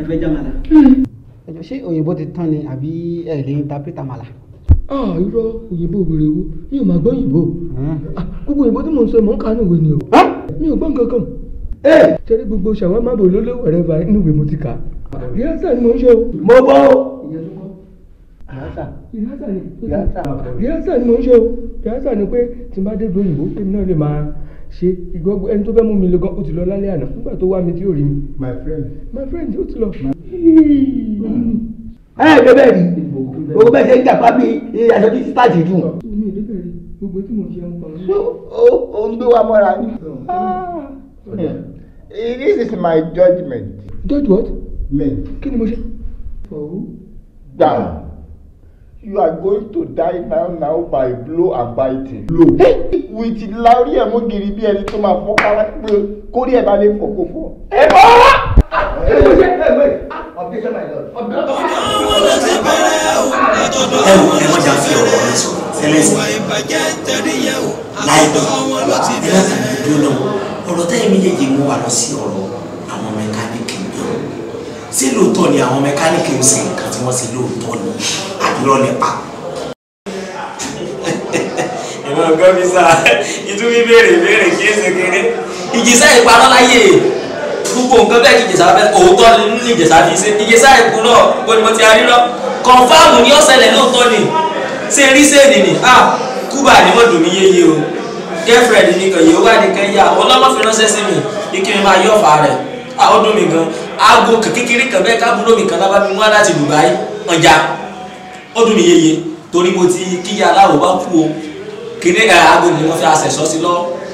ẹ fẹ́ jàmàlà. ẹ hmm. jọ ṣé òyìnbó ti tán ni àbí ẹ̀ lè ń ta pété ah irọ́ òyìnbó wèrè wo mi ò máa gbọ́ òyìnbó hmm. ah, gbogbo òyìnbó tí mò ń sọ mò ń kà nùwé ni o mi ò gbọ́ nǹkan kan eh! ṣẹ́rí gbogbo ṣàwámà bò ló lówó rẹ̀ bá nùwé mo ti kà ríásà ni mò ń ṣe o. mo bọ́ o. ríásà ríásà ni mò ń ṣe o ríásà ni pé tí n bá dé lóyìnbó èmi náà lè máa ṣe ìgbọ́gbọ́ ẹni tó fẹ́ mú mi lọ gan ó ti lọ lálẹ́ àná nígbà tó wá mi tí ò rí mi. my friend my friend ó ti lọ ẹ ẹ bẹ́ẹ̀ rí gbogbo bẹ́ẹ̀ ṣe ń jàpá bí aṣọ tí títà dùn. gbogbo ń gbé wa mọ́ra ni. Ah. this is my judgement. judge what? men. kí ni mo ṣe. down you are going to die now now by blow and biting. blow. with lari ẹ̀ bí ẹni tó máa fọ́ kára pé kórìí ẹ̀ bá lè fọ́ kó fọ́. ẹ bọ́ wá. fi ọ̀rọ̀ rẹ sọ̀rọ̀ tẹ́lẹ̀ sí. láìpẹ́ ẹ láti fi dúró náà ọ̀rọ̀ táyé méjèèjì mú wa lọ sí ọ̀rọ̀ àwọn mẹkáníìkì náà ṣé lóòótọ́ ni àwọn mẹkáníìkì ń ṣe nǹkan tí wọ́n ṣe lóòótọ́ ni àdúrà nípa. ìmọ̀ ọ̀gá mi sá ìtúbí béèrè béèrè kí èsì kéré. ìjìsá ìparọ́ láyé gbogbo nǹkan bẹ́ẹ̀ kí ìjìsá bẹ́ẹ̀ òótọ́ ni ìjìsá fi ṣe ìjìsá ìkú náà gbọ́dọ̀ mo ti arí náà kọ̀ǹfàmù ni ọ̀sẹ̀ lẹ̀ lóòótọ́ ni ṣe rí sẹ́ẹ̀nì ni ah kúbà ni wọ́n dùn mí yéye o girlfriend ni kàn yóò wá ní kan yá ọlọ́mọ fi ránṣẹ́ sí mi ní kí mi máa yọ̀ fà rẹ̀ ah ó dùn mí gan aago kékeré kan bẹ́ẹ̀ kábúrò mi kan lábá mi mú láti Dubai ọjà ó dùn mí yéye torí mo ti kíyà aláwò bá kú o kéde eh, aago ni wọ́n fi àṣẹ̀ṣọ́ sí lọ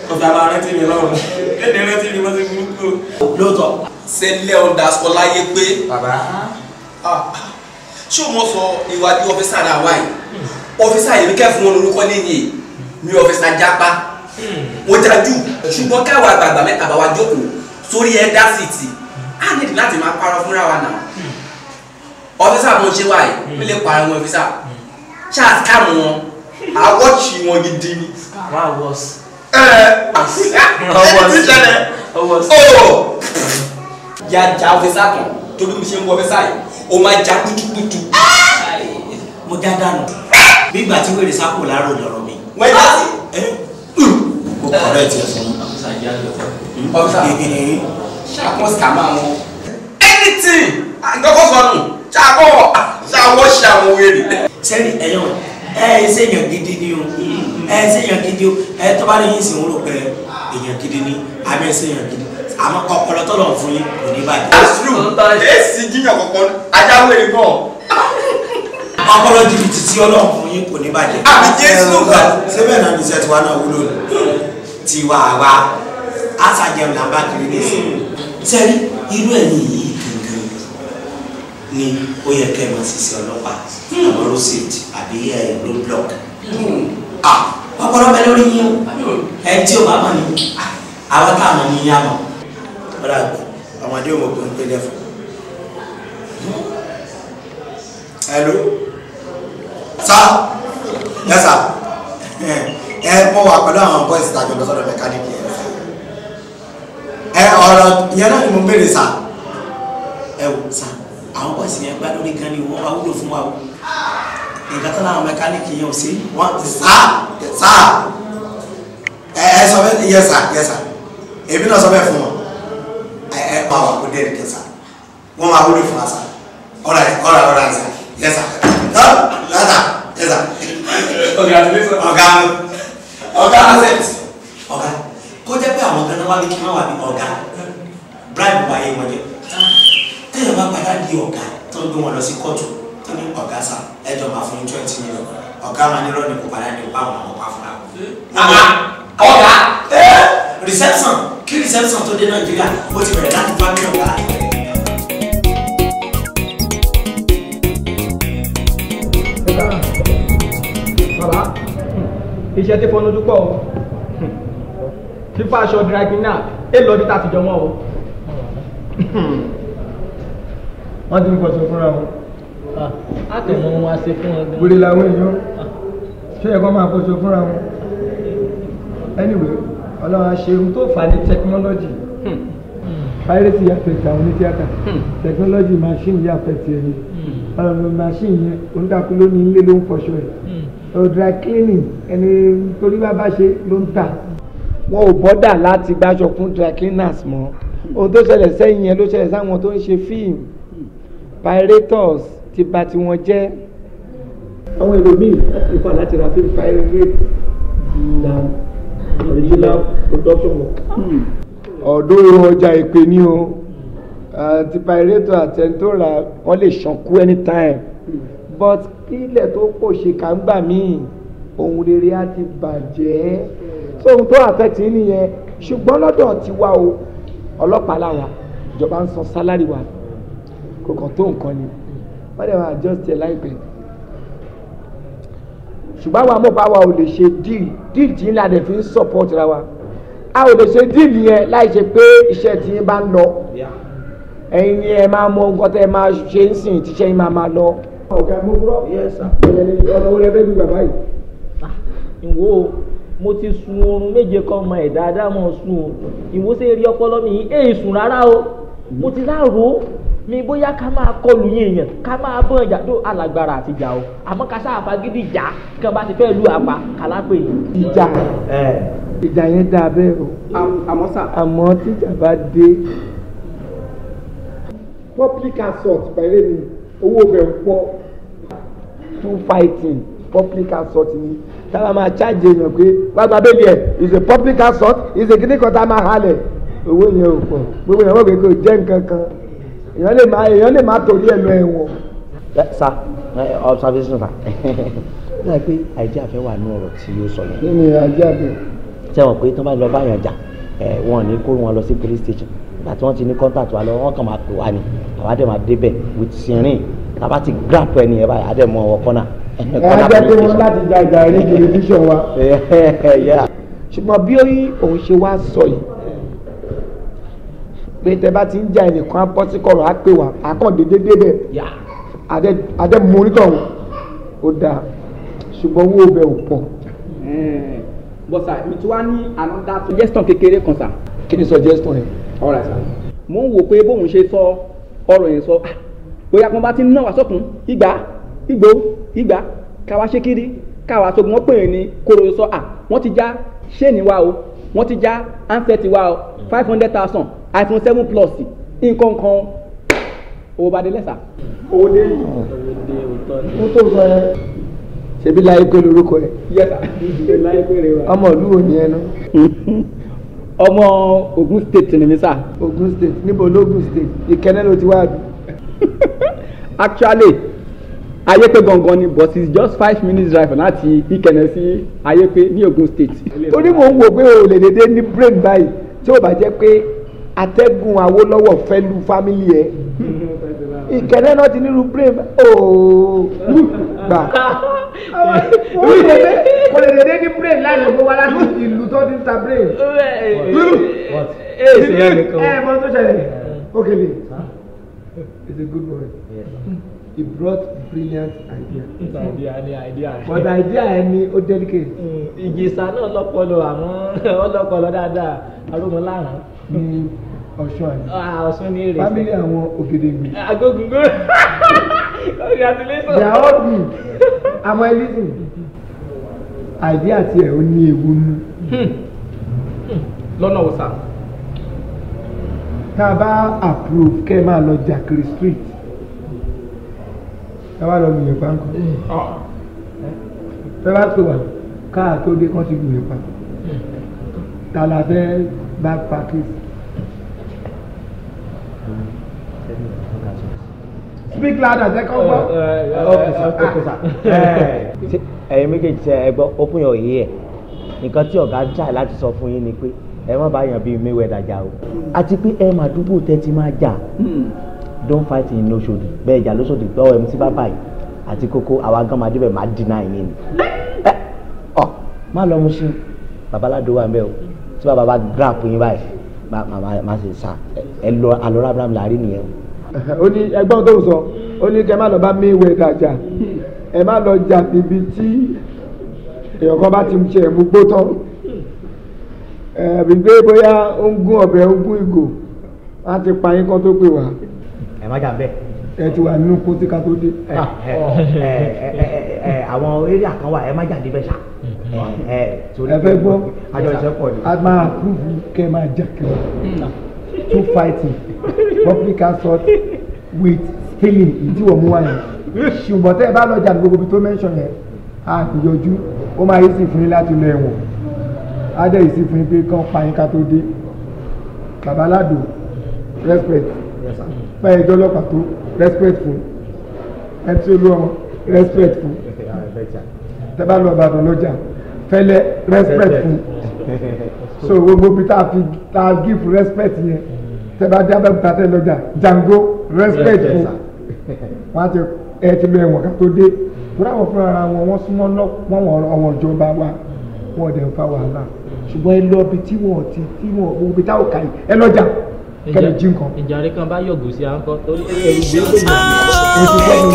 wọ́n fi máa rántí mi lọ́rùn kéde rántí mi wọ́n ti burúkú o. lóòótọ́ sẹ́lẹ̀ ọ̀dàsọ láyé pé bàbá ah, ah. ṣé o mọ̀ sọ ìwádìí ọ̀fíìsà rà wáyé ọfíìsà yìí kẹ́ fún wọn lórúkọ níyì mi ọfíìsà jápa mo jájú ṣùgbọ́n káwọn àgbààgbà mẹ́ta bá wa jókòó sórí ẹ̀dá síìtì á nídìí láti máa parọ́ fúnra wa náà ọfíìsà mo ṣe wáyé mi lè parọ́ wọn ọfíìsà charles kàmù wọn àwọ̀chì wọn gidi ni. wàá wọ sí. ẹ ẹ ọwọ́ sí ọwọ́ sí. yàjà ọfíìsà kan torí mi ṣe ń wọ ọfíìsà yìí ó máa já kutukutu. mo dá dànù bí ìgbà tí wèrè sápò láàrò lọ́rọ̀ mi. wọ́n yá sí. o kọ̀rọ̀ ẹ̀ tiẹ̀ fún un. ọ̀sà ṣàkóso scam àwọn. anything àgbẹ̀kọ̀ sọnù ṣàkó ṣàwọ̀ ṣàwọ̀ wèrè. sẹ́ni ẹ̀yàn ẹ ẹ ṣèyàn gidi ni o ẹ ṣèyàn gidi o ẹ tó bá ní yín sìn wúlò pé èèyàn gidi ni àmì ṣèyàn gidi àmọ́ ọpọlọ tó lọ fún yín kò ní bàjẹ́. that's true èsì jíyàn kọ̀ọ̀kan ajáwé náà ọpọlọ jìbìtì tí ọlọ́run yín kò ní bàjẹ́. àmì jésù gbà. sẹ́bẹ̀ náà ní iṣẹ́ tiwa náà wúlò tiwa wa àṣàjẹun là kiri ní ìsìn. sẹ́rí irú ẹ̀yìn yìí gangan ni ó yẹ kẹ́ ẹ máa ṣiṣẹ́ ọlọ́pàá hmm. àwọn rosette àbí road block. Hmm. ọpọlọ bẹ lórí yín o hmm. ẹ tí o bá mọ̀ ní àwọn táwọn ní yá mọ̀. ọ̀rọ̀ àgbẹ̀ ọmọdé ò mọ̀ pé ń pè lẹ́fọ̀ọ́. Hello sa yẹ sá ẹ mọ wà pẹ̀lú àwọn bọ́ìsì tàbí lọ́sọ̀rọ̀ mẹkáníìkì yẹn sá ẹ eh, ọ̀rọ̀ yẹn náà ni mo béèrè sá ẹ eh, wò sá àwọn bọ́ìsì yẹn gbá lórí gan ni wọ́n wá wúlò fún wa o nǹkan tó láwọn mẹkáníìkì yẹn ò sí wọ́n ti sá sa ẹ eh, ẹ sọ bẹ́ẹ̀ yẹ sá yẹ sá èmi náà sọ bẹ́ẹ̀ fún wọn ẹ ẹ pa wà kó dé ẹ̀ẹ́dẹ́gbẹ̀sà wọ́n máa wúlò fún wa sá ọ̀rọ̀ ọ̀rọ̀ ọ̀rọ̀ àìsàn yẹ sá nada ẹ̀dà ọ̀gá ọ̀gá ọ̀gá asset ọ̀gá kó jẹ́ pé àwọn ọ̀gá náà wá ní kí wọ́n wà ní ọ̀gá bribe bá yé wọn jẹ tẹ́lẹ̀ bá padà di ọ̀gá tó ń gbé wọn lọ sí kóòtù tó ní ọ̀gá sá ẹjọ́ máa fún twenty million ọ̀gá máa ní lọ́ọ̀nì kó padà ní ọ̀gá àwọn ọmọ pa fúnra wọn. ọ̀gá reception kí reception tó dé Nàìjíríà ó ti bẹ̀rẹ̀ láti gbá ní ọ̀gá. iṣẹ́ tí fọnú dúpọ̀ o fífa aṣọ dragina é lọ bí tàtijọ́ mọ́ o. wọ́n ti ń pọ̀ sí fúnra wọn. Ah, a tẹ̀ mọ́ wọn a ṣe fún wọn. wèrè làwọn èèyàn ah. ṣé ẹ̀kọ́ máa pọ̀ sí fúnra wọn. anyway ọlọ́run aṣeun tó fà ní tẹkinọ́lọ́jì hmm. piracy affect àwọn onítíátà hmm. tẹkinọ́lọ́jì machine yà affect ẹ̀yìn hmm. ọ̀rọ̀ machine yẹn oníkàkú ló ní ilé ló ń fọṣọ ẹ̀ dry cleaning ẹni torí bàbá ṣe ló ń tà wọn ò bọ́dà láti gbàṣọ fún dry cleaners mọ́ ohun tó ṣẹlẹ̀ sẹ́yìn yẹn ló ṣẹlẹ̀ sáwọn tó ń ṣe fíìmù pirates ti bà tiwọn jẹ́ àwọn ẹlòmíì ìfà láti ra fíìmù pirate na original production work. ọ̀dọ́ ọjà ìpè ní o ti pirate àtẹ̀ntó ra wọ́n lè ṣànkú anytime. Mm but kílẹ̀ tó kò ṣe kà ń gbà míì ohun rere á ti bàjẹ́ so ohun tó àfẹ́tì nìyẹn ṣùgbọ́n lọ́dọ̀ tiwa o ọlọ́pàá làwà ìjọba ń san sálárì wa kò kàn tó nǹkan ni wọ́n dẹ̀ wọ́n adjust ẹ̀ láìpẹ́ ṣùgbọ́n àwọn amóbáwa ò lè ṣe díìl díìl tí ńlá dẹ̀ fi ń support ra wa a ò lè ṣe díìl yẹn láì ṣe pé iṣẹ́ tí ń bá ń lọ ẹ̀yin ẹ̀ máa mọ nǹkan máa ṣe ń sìn tíṣẹ́ yín máa máa lọ ọ̀gá mo kúrọ̀ ẹ̀yẹ ọ̀nà wọlé ẹgbẹ́ gbígbà báyìí. Ah, ìwọ mo ti sun oorun méje kan mọ ẹ̀ dáadáa mọ̀ sùn o ìwọ ṣe rí ọpọlọ mi yìí èyí sùn rárá o mo ti láàrò mi bóyá ká máa kọlù yín èèyàn ká máa bọ́ ìjà tó alágbára àti ìjà o àmọ́ ká sáà fagídí ìjà kí wọ́n bá ti fẹ́ lu àpá kálápè. ìjà ìjà yẹn dáa bẹ́ẹ̀ o àmọ́ sà àmọ́ tíjà bá dé public assault pẹ̀lẹ́ mi owó bẹ̀ pọ̀ two fighting public assault ni táwa máa charge èèyàn pé wàá gba bẹ́ẹ̀ yẹ is a public assault is a kìnnìkan tá a máa halẹ̀ owó yẹn ò pọ̀ gbogbo èèyàn wọ́n pé kò jẹ́ nǹkan kan èèyàn lè máa èèyàn lè máa torí ẹ̀ lọ ẹ̀wọ̀n. sa observation sa náà pé àìjẹ́ àfẹ́ wà ní ọ̀rọ̀ tí yóò sọ yẹn. kí ni àìjẹ́ àfẹ́. ṣé wọn pé tó bá lọ báyàn jà wọn ní kó wọn lọ sí police station nígbà tí wọ́n ti ní contact wa lọ wọ́n kàn máa pè wá ni àwa dẹ̀ máa débẹ̀ with sirin tába ti grab ẹni yẹn báyìí adé mọ ọwọ́ kọ́nà. ẹ á jẹ́ pé wọ́n láti gba ìgbà ẹni tẹlifíṣàn wa. ṣùgbọ́n bí òun ṣe wá sọ yìí pé tẹ bá ti ń ja ẹnìkan á bọ́ sí kọ̀rọ̀ á pè wá àkàndéédé débẹ̀ adé mórí tọ̀hún ó dáa ṣùgbọ́n owó ọbẹ̀ ò pọ̀. Mm. bọ́sà mi ti wá ní anoda suggestion kékeré kan sà. kí ni suggestion yẹn. ọ̀rẹ́ sà. mo ń wò pé bóun ṣe sọ ọ̀rọ̀ yẹn sọ ah, bóyá kan bá ti ń náwà sọ́kùn ìgbà ìgbò ìgbà káwa ṣe kiri káwa sọ wọ́n pè é ní kóró sọ à wọ́n ti já ṣéènì wa o wọ́n ti já ansẹ́tì wa o five hundred thousand iphone seven plus nǹkan kan owó bá dé lẹ́sà. owó dé yìí ó tó sọ ẹ ṣebí láyé pé lórúkọ ẹ ọmọ ìlú wo ni ẹ ná. ọmọ Ogun State ni mi sà. Ogun State níbo lógun State Ìkẹ́nnẹ́ ló ti wá bí. actually ayépe gangan ni but it's just five minutes drive láti Ìkẹnẹ sí ayépe ní ogun state. torí mò ń wò pé o lè dédé ní brain báyìí tí ó bá jẹ́ pé atẹ́gùn Awólọ́wọ̀ fẹ́ lu family ẹ̀ Ìkẹnẹ náà ti nílu brain ooo gbà. kò lè dédé ní brain láti fún wa láti ìlú tó ti ń ta brain. ẹ ẹ mọ tó ṣẹlẹ̀ ó kele. It's a good one. Yes. He brought brilliant idea. It's idea ni idea. But idea ẹ ni ó delicate. Mm, Ìjìṣà náà lọ́pọlọ àmọ́ ọlọ́pọlọ dáadáa arúgbóláàrán. Ní Ọ̀ṣun àná. Ah, Ọ̀ṣun ní èrè. Family àwọn Ògèdègbè. go Congratulations. They are all good. Àmọ́ Elizin, idea tiẹ̀ ó ní ewu nù. Hmm. Hmm. Lọ́nà wo sá? tá a bá approve kẹ́ ẹ máa lọ jàkiri street tá a bá lọ gbìyànjú pánkó tá a bá pè wá káà tó dé kán ti gbìyànjú pánkó tá la fẹ́ bá pàkíyèsí. speak louder ṣe kọ́ gbọ́. Ah. Eh. ẹ̀yin méjèèjì ṣe ẹ gbọ́ open your ear nǹkan tí ọ̀gá jà láti sọ fún yín ni pé ẹ má bàa yàn bíi Mayweather jà o àti pé ẹ máa dúpọ̀ tẹ́ ti jà hmm. don't fight in no shoulder bẹ́ẹ̀ jà lóṣòdì gbọ́ ẹ̀ mutí bá báyìí àti kókó àwa gan máa débẹ̀ máa dínà yín ni hmm. ọ má lọ mu sí babaládo wa mẹ́ o tí bàbá bá grab yín báyìí má ṣe sà ẹ lọ alọ́rọ̀ abraham làárí nìyẹn o. ó ní ẹgbọ́n tó sọ ó ní kẹ́ ẹ má lọ bá Mayweather jà hmm. ẹ má lọ jà níbi tí èèyàn kan bá ti ṣe ẹ̀mú gbótọ́ ẹ̀bí pé bóyá ó ń gún ọ̀bẹ ó ń gún ìgò láti pa yín kan tó pè wá. ẹ má jà bẹ́ẹ̀. ẹ ti wà nínú kó tí ká tó dé. Ah, àwọn eré àkàn wà ẹ má jà níbẹ̀ ṣá. ẹ fẹ́ gbọ́ a máa kúrú kẹ́ máa jà kiri two fighting public assault with stealing ìdíwọ̀ mú wáyé ṣùgbọ́n tẹ́ ẹ bá lọ jà ní gbogbo ibi tó mention yẹn a kò yọjú ó máa yí sí fún láti lọ ẹ̀wọ̀n adé yìí sí fún yín pé kán pa yín ká tó dé bàbá aládùn respect báyìí ẹjọ́ ọlọ́pàá tó respect fún ẹni tí ó lú ọmọ respect fún tẹ́bá lọ Ìbàdàn lọ́jà fẹ́lẹ́ respect fún so gbogbo bí tá a fi tá a give respect yẹn tẹ́bá dábẹ́ bàtẹ́ lọ́jà jango respect fún wọn á ti ẹ ti lọ ẹ̀wọ̀n ká tó dé fúnra wọn fúnra wọn wọn súnmọ́ lọ́wọ́ ọmọ ìjọba wa wọn ò dẹ̀ ń fa wàhálà ṣùgbọ́n ẹ lọ ibi tí wọ́n ti tí wọ́n ibi táwọn kà yìí ẹ lọ́jà kẹ́lẹ́ jí nǹkan. ìjà rẹ kan bá yọ̀gùn sí akọ torí ẹrù gbé lóyún.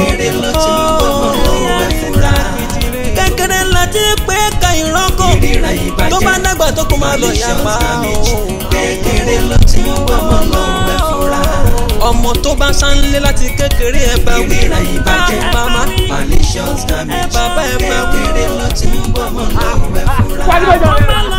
kékeré la ti pé ka ìrọ́kò tó bá dàgbà tó kó máa lọ yàpá o. kékeré ló ti ń ọmọ tó bá sánlé láti kékeré ẹ bá wí bàbá ẹ bàbá ẹ bá wí. kékeré ló ti ń wọ́n mọ́ lọ́wọ́ fúra.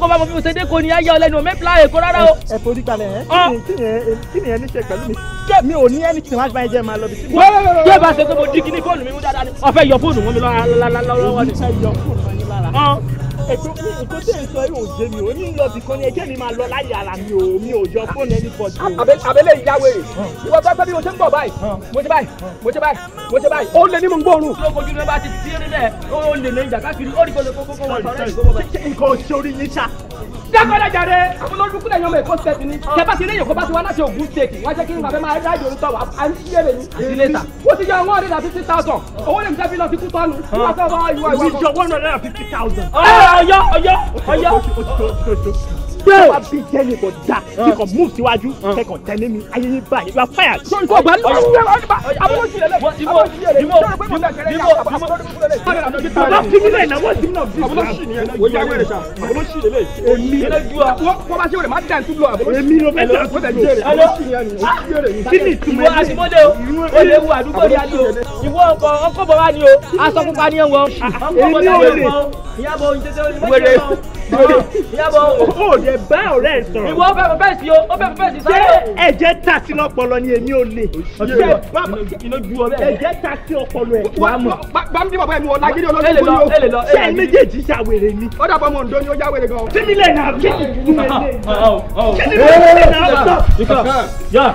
kó bá mọ bí mo ṣe dé kò ní ayé ọlẹ́nu mi pla èkó rárá o. ẹ forí gbalẹ̀ ẹ kí ni ẹ ní ṣe pẹ̀lú mi jẹ́ mi ò ní ẹni tí wọ́n á gba ẹ̀jẹ̀ máa lọ bí sí. tí ẹ ṣe pé mo di kíní fóònù mi mú dáadáa ni ọ̀fẹ́ yọ fóònù mọ́ mi lọ́wọ́ ni ètò pé nǹkan tẹ̀ ń sọ yóò jẹ mi ò ní lọ bìkan ni ẹjẹ́ mi máa lọ láyé ara mi ò mi ò yọ fóònù ẹni pọ̀ jù. àbẹ̀lẹ̀ ìyá wèrè hmm. ìwọ sọ pé bí mo ṣe ń bọ̀ báyìí hmm. mo ṣe báyìí mo ṣe báyìí mo ṣe báyìí ó lè ní mo ń gbóòórùn. ló fojú ní bá ti ti rí rẹ ó lè ní ìjà káàkiri ó rí kó lè kó kó kó wọ dákọ́lá jàre àwọn olódùkú lẹ́yìn ọmọ èkó state ni kẹfà sí lẹ́yìn bá ti wá láti Ògùn state wọ́n jẹ́ kí n bàbá máa rájò orúkọ wa à ń yéèrè ni. àtìlẹ́ta ó ti yọ one hundred and fifty thousand owó lè jẹ́ bí lọ sí kú tọ́nu ah. wọ́n sọ wọ́n ìwà ìwà kan. one hundred and fifty thousand. ọyọ ọyọ ọyọ dé. wá bí jẹ́ ní kò da kí kò move síwájú kẹ́kọ̀ọ́ tẹ́lẹ̀ mi ayé yín báyìí you are fired. sọ ìkọ̀ bá lọ́wọ́ ìwé ọ̀nìbà abọ́jú rẹ̀ lẹ́yìn abọ́jú rẹ̀ lẹ́yìn sọ̀rọ̀ pé mo bẹ̀ kẹ́lẹ́ yà abọ́jú rẹ̀ lẹ́yìn. bàbá fi mi lẹ́yìn náà wọ́n ti mi náà bí. abọ́jú rẹ̀ lẹ́yìn wọ́n yàgbé rẹ̀ sà abọ́jú rẹ̀ lẹ́yìn. èmi wọ́n bá ṣe wẹ̀rẹ̀ kí ló dé. yàgò o ò lè bá ọ̀rẹ́ ẹ sọ̀rọ̀. ìwọ fẹ́ fẹ́ sí o ó fẹ́ fẹ́ sí sáré. ṣé ẹ̀jẹ̀ ta sí ọpọlọ ni èmi ò lè. ṣé bàbá ẹ̀jẹ̀ ta sí ọpọlọ ẹ̀ wà mọ̀. bàmí tí bàbá ẹ̀ mi wọ lágídí olórí kúrò o ṣé ẹ méjèèjì ṣàwèrè ni. ó dàbọ̀ mọ̀ ǹdọ́ ni ó já wèrè gan. kí ni lè nà kí ni lè nà.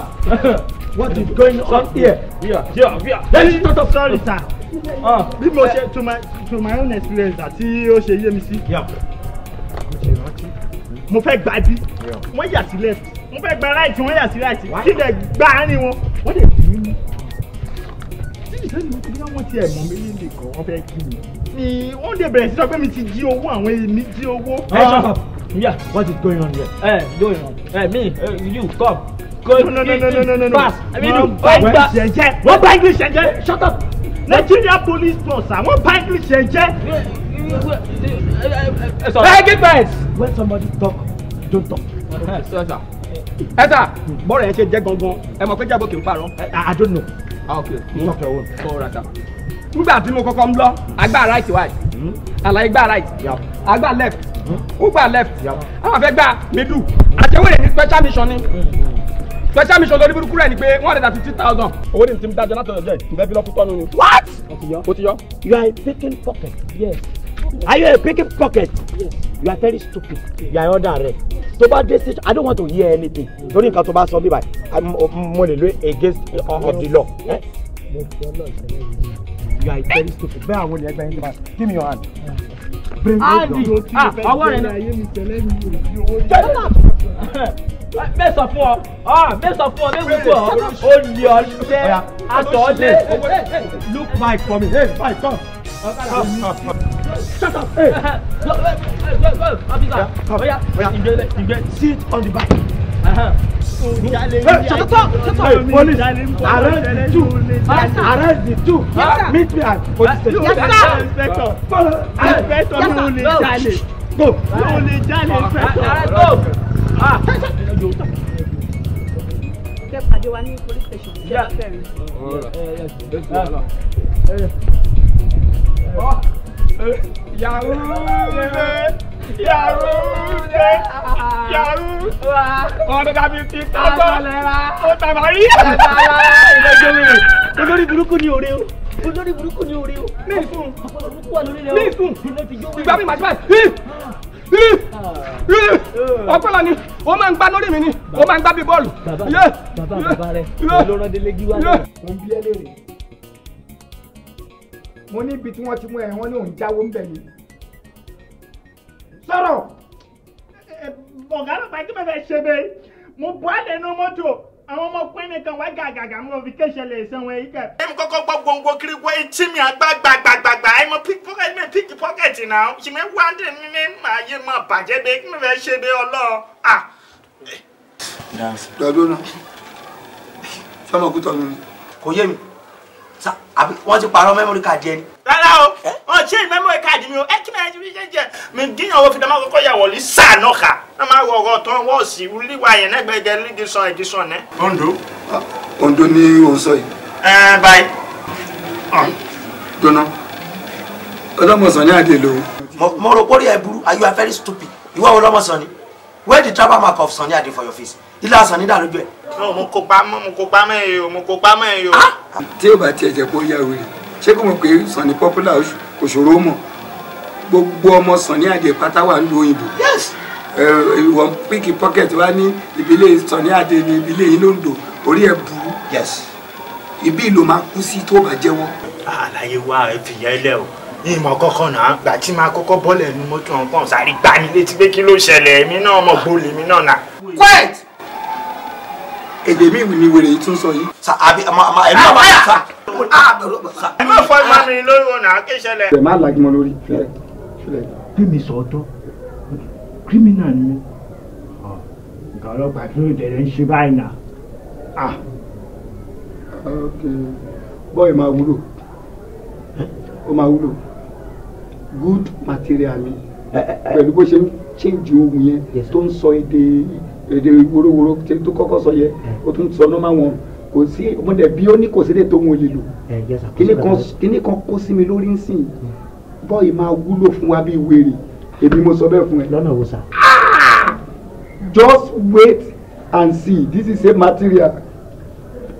What is going on here? Yeah, yeah, yeah. Let's talk sorry, sir. Ah. Bí mo ṣe my to my own experience àti ó ṣe yé mi sí mo fẹ́ gba bí wọ́n yà sí left mo fẹ́ gba right wọ́n yà sí right kí lè gba àárín wọn wọ́n lè bí mi sẹ́ni ti ní àwọn tiẹ̀ mọ̀ mí nílé kan wọ́n fẹ́ kí mi. ni wọ́n lè bẹ̀rẹ̀ sí sọ pé mi ti jí owó àwọn èmi jí owó. Ah. yeah what is going on here. ẹ eh, going on ẹ eh, me eh, you come. go no no no no no no no pass i mean you pass pass. wọ́n bá english ẹ̀ jẹ́ shut up. nigeria police force àwọn ah, bá english ẹ̀ jẹ́. Hey, get quiet. When somebody talk, don't talk. Ẹ sà, ẹ sà, bọ́ọ̀rọ̀ yẹn ṣe jẹ́ gangan, ẹ mọ̀ pé jábọ̀ kì í parọ́. I don't know. Ah, okay, mo sọ pé owó. Sọ̀rọ̀ àtà. Nígbà tí mo come ń I àgbà right right. I like gbà right, Yeah. I àgbà left, hmm? Who ugba left, Yeah. àwọn afẹ́ gbà middle, àtẹ̀wé ní special mission ni hmm, hmm, special mission lórí burúkú rẹ ni pé one hundred and fifty thousand. What? ni ti ń dájọ látọ̀dọ̀ jẹ́ ìfẹ́ fi lọ́kùtọ́ nínú. what. you? ti yọ. o you are a taking pocket. yes. Are you a picking pocket? Yes. You are very stupid. You are under arrest. Tó bá dé sí I don't want to hear anything. Lórí nǹkan tó bá sọ bí báyìí, mo against lo against of the law. Eh? You are very stupid. Bẹ́ẹ̀ àwọn ènìyàn gba ẹni tó give me your hand. Bring Ah, ọwọ́ rẹ̀ náà mẹ́sàn eh, fún ọ mẹ́sàn ah, fún ọ mẹ́wùú fún ọ o lè ọ lẹ atọ́ lẹ look my for me hey my come. Shut up! Hey! Go, go, go, officer! Come, yeah, yeah. Ìgbẹ́, sit on the back. Shut up! Shut up! Police! Arrest the two! Arrest the two! Meet me at police station. Yes, sir! Inspector! Follow! Inspector, you only jale! Go! You only jale, inspector! Go! Ah! Step Adewani police station. Yeah. Yeah. Yeah. Yeah. Yeah. Yeah. Yahoo! Yahoo! Yahoo! Ọ̀dọ̀ dàbí ti tàbọ̀. Ó tàbá rí. Ìlẹ́jọ́ mi rẹ̀. Olórí burúkú ni òre o. Olórí burúkú ni òre o. Ní ìfún. Olórí burúkú wà lórí rẹ̀ o. Ní ìfún. Ìgbà mi màjú báyìí ọpọlọ ni o máa ń gbá lórí mi ni o máa ń gbá bí bọ́ọ̀lù. bàbá bàbá rẹ ló rán délé mo ní ibi tí wọ́n ti mú ẹ wọ́n ní òun jáwó ńbẹ ni. sọ̀rọ̀ ọ̀gá ọlọ́pàá tí mo ṣe bẹ́ẹ̀ mo bọ́ àlẹ́ inú mọ́tò àwọn ọmọkùnrin kan wá gàgàgà mo fi kéṣe lè san wọn yìí ẹ mi kọ́kọ́ gbọ́ gbòǹgbò kiri wọ etí mi àgbàgbàgbàgbà ẹ mọ píkì pọ́kẹ̀tì náà ṣì mi wá dé mi ní ayé mọ bàjẹ́ bẹ́ẹ̀ kí mi fẹ́ ṣe bẹ́ẹ̀ ọlọ́ọ̀ à. dàdúrà sọmọkútọ mi. kò yé mi àbí wọ́n ti parọ́ mẹ́mórì káàdì ẹni. rárá o wọn ṣe mẹ́mórì káàdì mi o ẹ kí náà ṣe jẹ mi díyànwó fi dàmá kọ́kọ́ yà wọ̀lí sáà náà kà ẹ máa wọ ọ̀rọ̀ tán wọ́ọ̀ sí wíwá yẹn nẹ́gbẹ́ jẹ lídìí sàn ìdí sàn nẹ́. Ondo ah, Ondo ni o sọ yìí. ẹ báyìí. Ah, dunu ọlọmọsán ni àdè lòun. mo rò pé ó rí ẹ burú are you very stupid ìwọ ọlọmọsán ni where the travel mark of Sunny Ade for your face ilé asanni dà lójú ẹ. mo kò pa mọ́ mo kò pa mọ́ ẹ̀ o mo kò pa mọ́ ẹ̀ o. Ah! tí o bá tiẹ̀ jẹ́ kó yá wèrè ṣé kò mọ̀ pé Sunny popular kò ṣòro mọ̀ gbogbo ọmọ Sunny Ade pátá wà nílùú òyìnbó. ìwọ̀n píkì pocket wa ní ìbílẹ̀ Sunny Ade ní ìbílẹ̀ yìí lóńdó orí ẹ̀ burú. ibi ìlò máa kú sí tó bá jẹ́wọ́. àlàyé wa ẹ fìyà o ìmọ̀ kọ̀ọ̀kan náà gbà tí máa kọ́kọ́ bọ́lẹ̀ nu mọ́tò ọ̀hún kan sáré gbá mi létí pé kí ló ṣẹlẹ̀ èmi náà ọmọ gbólé mi náà nà. quiet. èdè mi ni wèrè yìí tún sọ yìí. sa àbí àmọ àmọ ẹni àmọ sa. ẹ má fọ ẹgbẹ́ mi lórí wọn náà kí ṣẹlẹ̀. ẹ má lajumọ lórí filẹ mi sọ ọtọ kírímìnà ni mi ah, nǹkan ọlọ́pàá ìdẹ̀rẹ̀ ń ṣe báyìí nà. Ah. bọ́ọ̀ ẹ̀ máa wúlò ó máa wúlò good material mi eh, eh, eh. pẹ̀lú bó ṣe ń change ohun yẹn tó ń sọ èdè èdè worowóró tó kọ́kọ́ sọ yẹn ó tún sọ normal one kò sí ọmọdé bí ó ní kò sí lè tó wọn lè kíní kan kó sí mi lórí nsìn hmm. bọ́ọ̀ì máa wúlò fún wa bí wèrè èmi mo sọ bẹ́ẹ̀ fún ẹ. lọ́nà wo sà. Ah! just wait and see this is a material.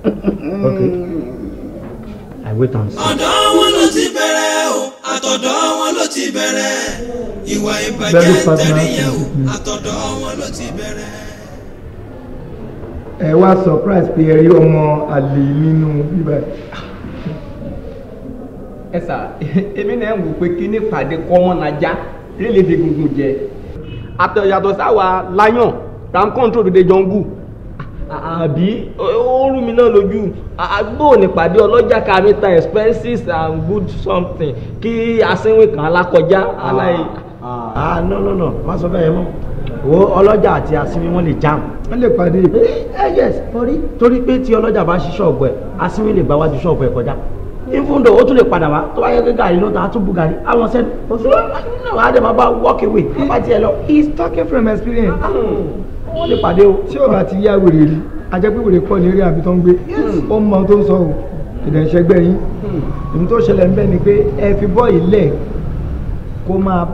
okay. I wait and see. ọ̀dọ́ wọn ló ti bẹ̀rẹ̀ o àtọ̀dọ́ wọn ló ti bẹ̀rẹ̀ ìwà ìbàjẹ́ tẹ̀ríyẹ̀ o mm. àtọ̀dọ́ wọn ló ti bẹ̀rẹ̀. ẹ wá surprise pé ẹ rí ọmọ àlè nínú bíbá ẹ sà èmi náà ń wò pé kí ní pàdé kọ́mọ́nàjà lílẹ̀ dé gungun jẹ àtọ̀yàtọ̀ sáwà láyàn ram control dédé jọ̀ngù. Ah, ah. àbí oorun mi náà lójú àgbò ah, nípàdé ọlọ́jà ká mi ta expenses and good something kí asínwìn kan alákọjá aláì. ah no no no má sọ bẹ́ẹ̀ mọ́ wo ọlọ́jà àti asínwìn wọ́n lè jam. wọ́n lè pàdé. ẹ eh, eh, yẹs torí torí pé tí ọlọ́jà bá ṣí ṣọ́ọ̀bù ẹ̀ asínwìn lè gbá wájú ṣọ́ọ̀bù ẹ̀ kọjá even though ó tún lè padà wá tó bá yẹ kí gàrí ló ta á tún bu gàrí àwọn sẹ́ni ó sì wá náà á dẹ̀ máa bá walk away. he is talking from experience wọ́n lè pàdé o ṣé ọba ti yá wèrè rí ajẹ́ pé wèrè pọ̀ ní eré àbí tó ń gbé ó mọ tó ń sọ o ìdẹ̀ ìṣẹ́gbẹ́ yín èmi hmm. tó ṣẹlẹ̀ ń bẹ̀ ni pé ẹ fi bọ́ ilẹ̀ kó máa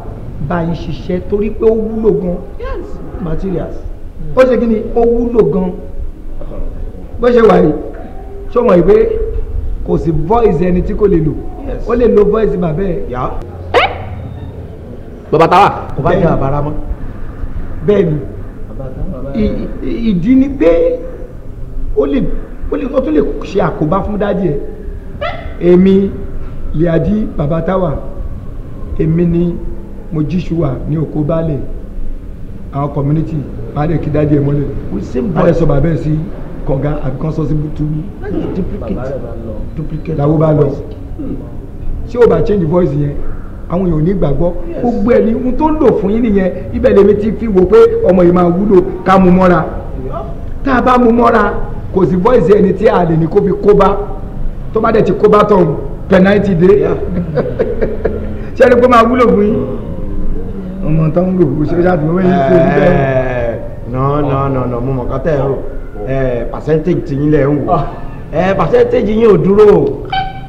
bá yín ṣiṣẹ́ torí pé ó wúlò gan materials ó ṣe kí ni ó wúlò gan bó ṣe wà rí ṣó mọ̀ pé kò sí voice ẹni tí kò lè lò ó lè lo voice bàbá ẹ̀. bàbá táwa kò bá jẹ àbára mọ́ bẹ́ẹ̀ ni ìdí ni pé ó lè ó tún lè ṣe àkóbá fún dádì ẹ èmi liadi babatawa èmi ni mo jíṣùwà ní oko baálẹ̀ our community baálẹ̀ kí dádì ẹ mọ́lẹ̀ baálẹ̀ sọ bàbá ẹ sí kọ̀ǹga àbí kan sọ sí bùtúbù duplicate làwọn bá lọ ṣé o bá change voice yẹn àwọn èèyàn ò ní gbàgbọ́ gbogbo ẹni ohun tó ń lò fún yín nìyẹn ibẹ̀ lèmi ti fi wò pé ọmọ yìí máa wúlò ká mú mọ́ra tá a bá mú mọ́ra kò sí voice ẹni tí a lè ní kó fi kó bá tó bá dẹ̀ ti kó bá tọ̀ pẹ̀náìtì dé ṣé ẹni kó máa wúlò fún yín ọmọ tó ń lò ó ṣe ṣáà tó ń wẹ́yìn tó ń bẹ́ẹ̀. Eh, nọ nọ nọ nọ mo mọ kọ tẹ ẹ o eh, percentage yín lẹ ń wò ah. eh, percentage yín ò dúró o.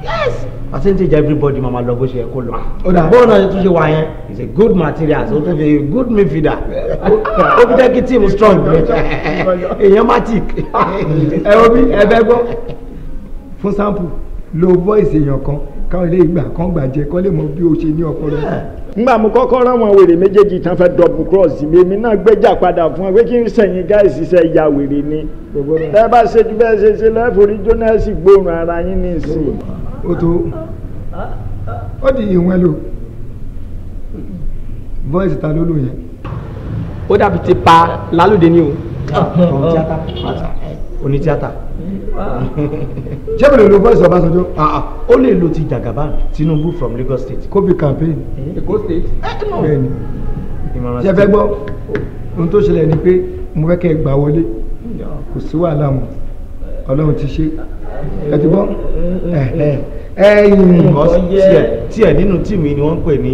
yes percentage everybody mama lọ bó ṣe yẹ kó lọ. ó dà bọ́ọ̀ náà tún ṣe wà yẹn it's a good material so to a good midfielder ó fi jẹ́ kí team strong èèyàn matic ẹ wo bí ẹ bẹ́ gbọ́ fún sample lo voice èèyàn kan káwọn ilé ìgbà kan gbà jẹ kọ́ lè mọ bí o ṣe ní ọpọlọ. ngbà mo kọ́kọ́ rán wọn wèrè méjèèjì tán fẹ́ double cross mi èmi náà gbẹ́jà padà fún wọn pé kí n sẹ̀yìn guys ṣe ya wèrè ni. ẹ bá ṣe ju bẹ́ẹ̀ ṣe ṣe lẹ́fọ̀rí jóná ẹ̀ sì gbóòórùn ara yín ní ìsìn oto ó di ìwọ̀n lò voice ta ló lò yẹn. ó dàbí ti pa lálùdé ni o. oní tíátà. jẹ́bẹ̀rẹ̀ lo voice Ọbásanjọ́. Ah, ah. ó lè lo ti Jagaban Tinubu from Lagos state. Kobe campaign. Lagos state. Eh, bẹ́ẹ̀ni ṣe fẹ́ gbọ́ ohun tó ṣẹlẹ̀ ni pé mo fẹ́ kẹ́ ẹ gbà wọlé kò sí wàhálà mọ́ Ọlọ́run ti ṣe ẹ ti gbọ́ ẹyin tiẹ̀ nínú tìmí ni wọ́n ń pè ní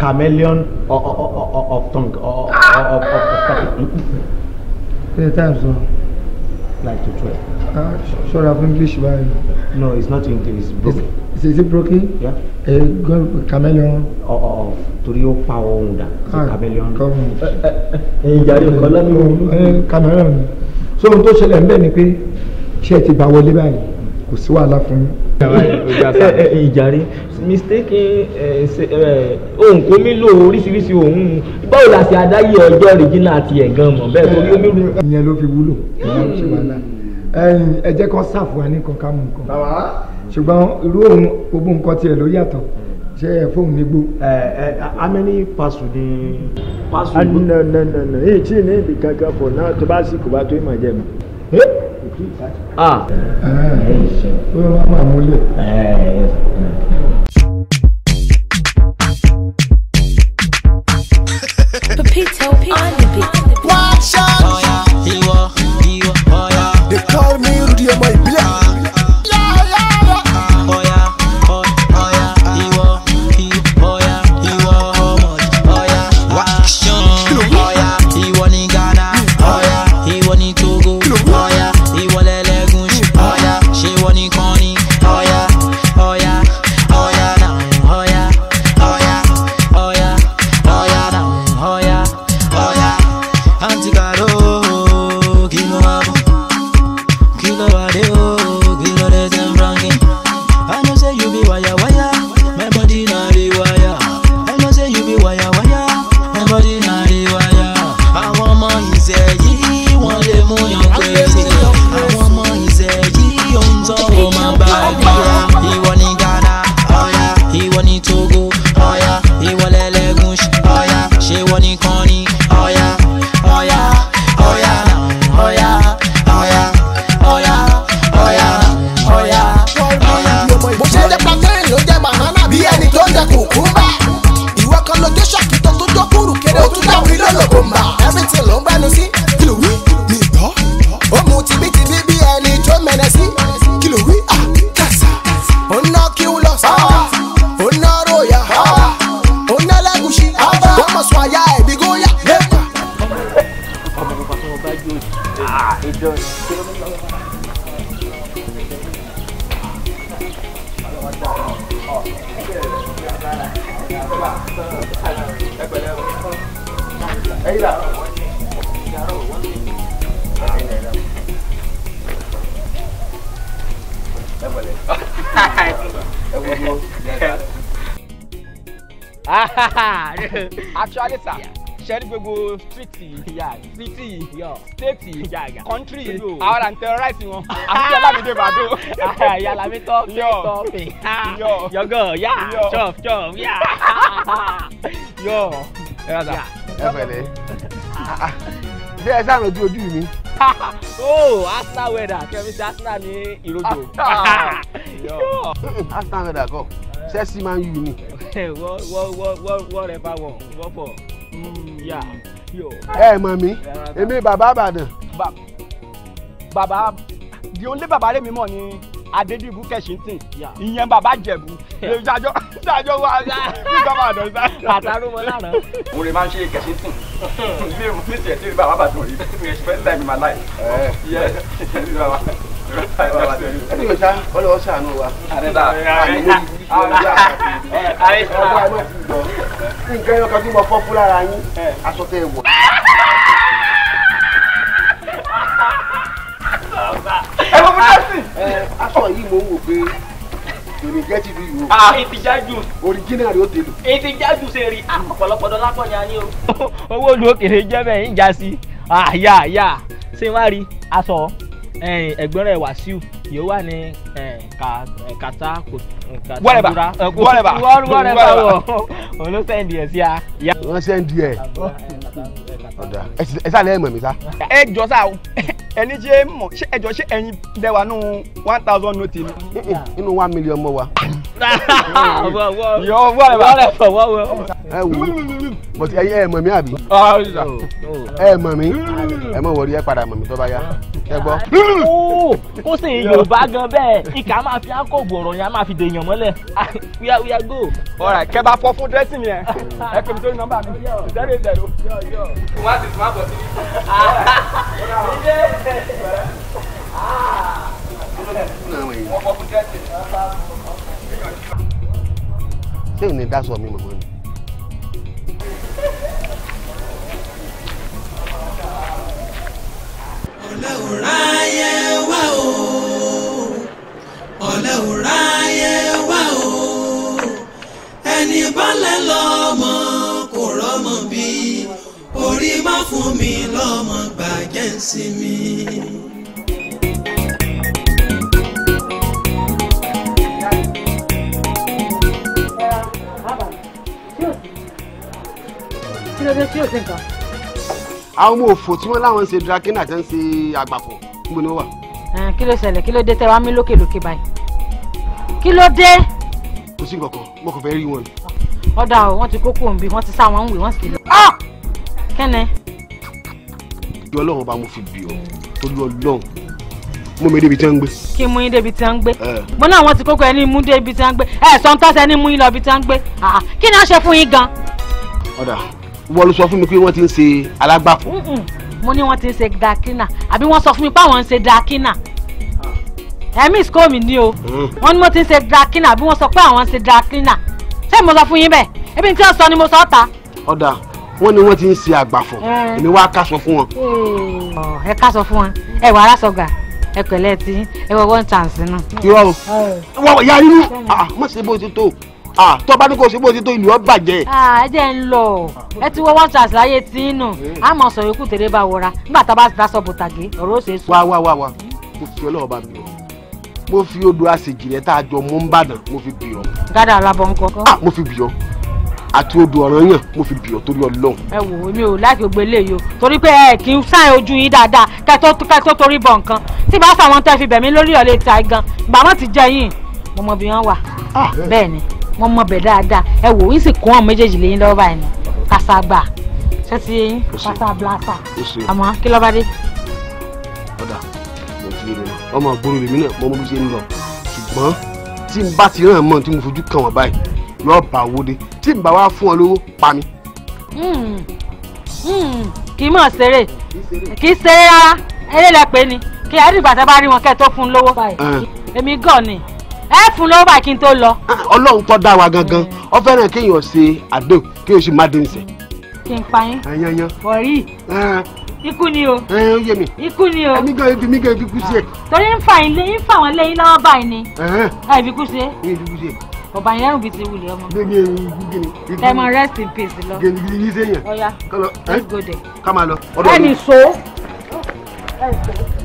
chameleon of tongue of tongue. three times one. like to twelve. ah sure english báyìí. no it's not english it's broken. Is, is it broken? yeah. ẹ gbọ́ chameleon. ọ ọ ọ torí ó pa ohun dà. ah chameleon. ẹyin jàre nǹkan lẹ́nu. chameleon. so ohun tó ṣẹlẹ̀ ń bẹ̀ ni pé ṣé ẹ ti bá wọlé báyìí kò sí wàhálà fún yín. ìjàre mistake ohun oríṣiríṣi ohun báwo la ṣe adáyé ọjọ́ regina àti ẹ̀gán mọ̀ bẹ́ẹ̀ torí omi lu. ìyẹn ló fi wúlò hmm. ẹ jẹ́ kó ṣàfùwà ní kankan nǹkan ṣùgbọ́n irú ohun gbogbo nǹkan tiẹ̀ ló yàtọ̀ ṣe ẹ fóun nígbó. ẹ ẹ amẹni paṣu ni. paṣu. Ah, no no no no èyí tí ní ibi kankan fọ náà tó bá sì kò bá tó ìmọ̀ jẹ́ mi. Hm? Ah. Ah, é isso. Foi uma mulher. É, isso. É, é later ṣẹ́rí gbogbo street yà city yà state yà country yà àwọn and terrorize wọn àti alámídé bàdó. yàlámi tọ́ fi tọ́ fi yọgọ yà chop chop yà yọ ẹ rà dà. ẹ fẹ̀lẹ́ bí ẹ sáà lójú ojú mi. oh Arsenal weather kẹmi ti Arsenal ní ìrojò. Arsenal weather kọ Chelsea máa ń yú ni what what what what whatever what for mm. yeah yo. ẹ mọ̀ mi èmi bàbá àbàdàn. bàbá the only bàbá rẹ̀ mi mọ̀ ni adedibu kẹsìntìn ìyẹn bàbá jẹ̀bú ìdájọ́ ìdájọ́ wa ní bàbá àdán sá. àtàrò lára. mo máa ń ṣe kẹsìntìn mi ò ní tiẹ̀ tí bàbá bàtò rí mi ò fẹ́ láì mi láì. yẹ ẹ bàbá ẹni yóò sá ọlọ́wọ́ sànù wa. àrẹ́dà àrẹ́dà àrẹ́dà nǹkan ẹ̀yọ́ tí mo fọ́ fún yín eh. aṣọ wọ̀. ẹ wọ́n fún dẹ́sì. aṣọ yìí mo ń wò pé èmi jẹ́ ti bí yòó. ah èti jájú. original yóò tẹ̀lé. èti jájú ṣe rí ah, ọ̀pọ̀lọpọ̀ dọ́là pọ̀ ní ayé o. owó olú òkèèrè jẹ́ bẹ́ẹ̀ ń já sí àyà ah, àyà ṣé wàá rí aṣọ ẹ̀gbọ́n rẹ̀ Wàsíù yóò wà ní kàtà wọ́rẹ̀bà wọ́rẹ̀bà wọ́rẹ̀bà wọ̀ òun ló sẹ́ndì ẹ̀ sí a. wọ́n sẹ́ndì ẹ̀ ọ̀dà ẹ̀ sálẹ̀ ẹ̀ mọ̀ mi sá. ẹ jọ sá o ẹni jẹ́ mọ̀ ṣé ẹjọ́ ṣé ẹ̀yin lẹ́wà nù one thousand note ni. Eh, eh, nínú one million mọ́ wa but ẹ ẹ mọ̀ mí àbí. ẹ mọ̀ mí ẹ mọ̀ wọ̀rí ẹ padà mọ̀ mí tó bá yá ẹ gbọ́. kó sì yorùbá gan bẹ́ẹ̀ ìkà máa fi ákọ̀gbọ̀ ọ̀rọ̀ yẹn á máa fi dèèyàn mọ́lẹ̀ wíyá wíyá go. ọ̀rẹ́ kẹ́ bá fọ́ fún dírẹ́sì mi ẹ̀ ẹ pè mí tó ní nọ́mbà mi zero zero. wọ́n á sì fún àbọ̀ sí mi. ọkọ̀ fún dírẹ́sì ṣé ò ní dáṣọ mi mọ̀mọ́ ni. ọ̀lẹ́ ò ráyé wá o ọ̀lẹ́ ò ráyé wá o ẹni balẹ̀ lọ́mọ kò rọ́mọ bí orí má fún mi lọ́mọ gbàjẹ́ sí mi. kí ló dé tí yóò ṣe nǹkan. àwọn ọmọ òfò tí wọ́n láwọn ṣe drakena àti ń ṣe àgbàpọ̀ níbo ni wọ́n wà. kí ló ṣẹlẹ̀ kí ló dé tẹ́ wá mí lókèlókè báyìí kí ló dé. kò sí nǹkan kan mo kàn fẹ́ rí wọn. ọ̀dà ọ̀ wọ́n ti kó kó òǹbí wọ́n ti sá wọn ń wè wọ́n sì lọ. Ah! kẹ́nẹ̀. ìjọ ọlọ́run bá mo fi bì ọ́ tó lọ lọ́hùn mú mi tí wọ́n ń gbé. kí mú yín débi tí wọ́n ń gbé. mo náà wọ́n ti kókó ẹni mú débi tí wọ́n ń gbé ẹ̀ sọ́ńtọ́sẹ̀ ẹni mú yín lọ bí tí wọ́n ń gbé. Ah, ah, kí ni a ṣe fún yín gan. ọ̀dà wọ́n ló sọ fún mi pé wọ́n ti ń ṣe alágbàfọ̀. mo ní wọ́n ti ń ṣe dakina àbí wọ́n sọ fún mi pé àwọn ń ṣe dakina ah. ẹ̀mí ìsìkò mi ní o mm. wọ́n ní mo ti ń ṣe dakina àbí wọ́n sọ pé àwọn ń ṣe dakina ṣé mo sọ fún yín bẹ́ẹ̀ ebi tí wọ́n sọ ni mo sọ ta. ọ̀dà wọ́n ní wọ́n ti ń ṣe àgbàfọ̀ eh. èmi wá kásọ eh, fún wọn. ẹ kásọ fún wọn ẹ wàá rásọ gbà ẹ pẹ̀lẹ́ tí ẹ wọ one chance náà. irọ́ o eh. wọ́n yà á nínú àmọ́ ṣe bó ti tó à tó bá ní kó o ṣe bó o ṣe tó ìlú ọ bàjẹ́. ẹ jẹ́ ń lọ ẹ ti wọ one chance láyé tí nù á mọ̀ sọ̀rọ̀ ikú tèrè bá wọra nígbà tá a bá daṣọ bòtàgé ọ̀rọ̀ ó ṣe é sùn. wá wá wá wá mo fi ọlọ́wọ́ bá mi o mo fi odò àṣejìrẹ́ tá a jọ mú ń bàdàn mo fi bì ọ́. gádà alábọ̀ ń kọ́. ah mo fi bì ọ́ àti odò ọ̀ràn yàn mo fi bì ọ́ torí ọlọ́run. ẹ wò ó mi ò láti gbogbo eléyìí o torí pé ẹ kì í sáyẹn ojú yín dáadáa kẹtó kẹtó torí bọ̀ nǹkan tí bá fà wọn tẹ́ fi bẹ̀mí lórí ọ̀lẹ́ wọ́n mọ̀ bẹ̀ dáadáa ẹ wò ó sì kún àwọn méjèèjì lẹ́yìn lọ́wọ́ báyìí ni kàṣàgbà ṣé ti yẹn kàṣà blasa àmọ́ kí ló bá dé. ọ̀dà mo ti yé mi náà ọmọ àgbóró lèmi náà mo mú bí ṣe ń lọ ṣùgbọ́n tí n bá ti ràn mọ́ tí mo fojú kàn wọ́n báyìí yóò bá owó dé tí n bá wá fún ọ lówó pa mi. Hmm. Hmm. kì í mọ̀ ṣeré kì í ṣeré rárá eléyìí lẹ ni kí ẹ dìgbà tá a bá rí wọn kẹ́ ẹ tó fún un lówó. èmi gan ni ẹ fún lọ́wọ́ kí n tó lọ. Ah, ọlọ́run tó dá wa gangan ó fẹ́ràn kéèyàn ṣe àdéhùn kéèyàn ṣe má dé nsẹ̀. kí n pa yín. ẹyán ah, yán. wọ̀rí ah. ikú ni o. ẹ eh, ń yé mi. ikú ni o. mi gan ibi mi gan ibi kú sí ẹ. torí ń fa ilé ń fa àwọn ilé lọ́wọ́ báyìí ni. ẹ eh. ibi kú sí ẹ. ibi kú sí ẹ. ọba yẹn òbí ti wulẹ̀ ọmọ. gbẹ̀gẹ̀ ikú gini. ẹ mọ rest in peace lọ. gẹ̀gẹ̀ gidi yín sẹ́yìn. ọ̀ya let's eh? go there. ká máa lọ. ẹnì so. ẹnì oh, so.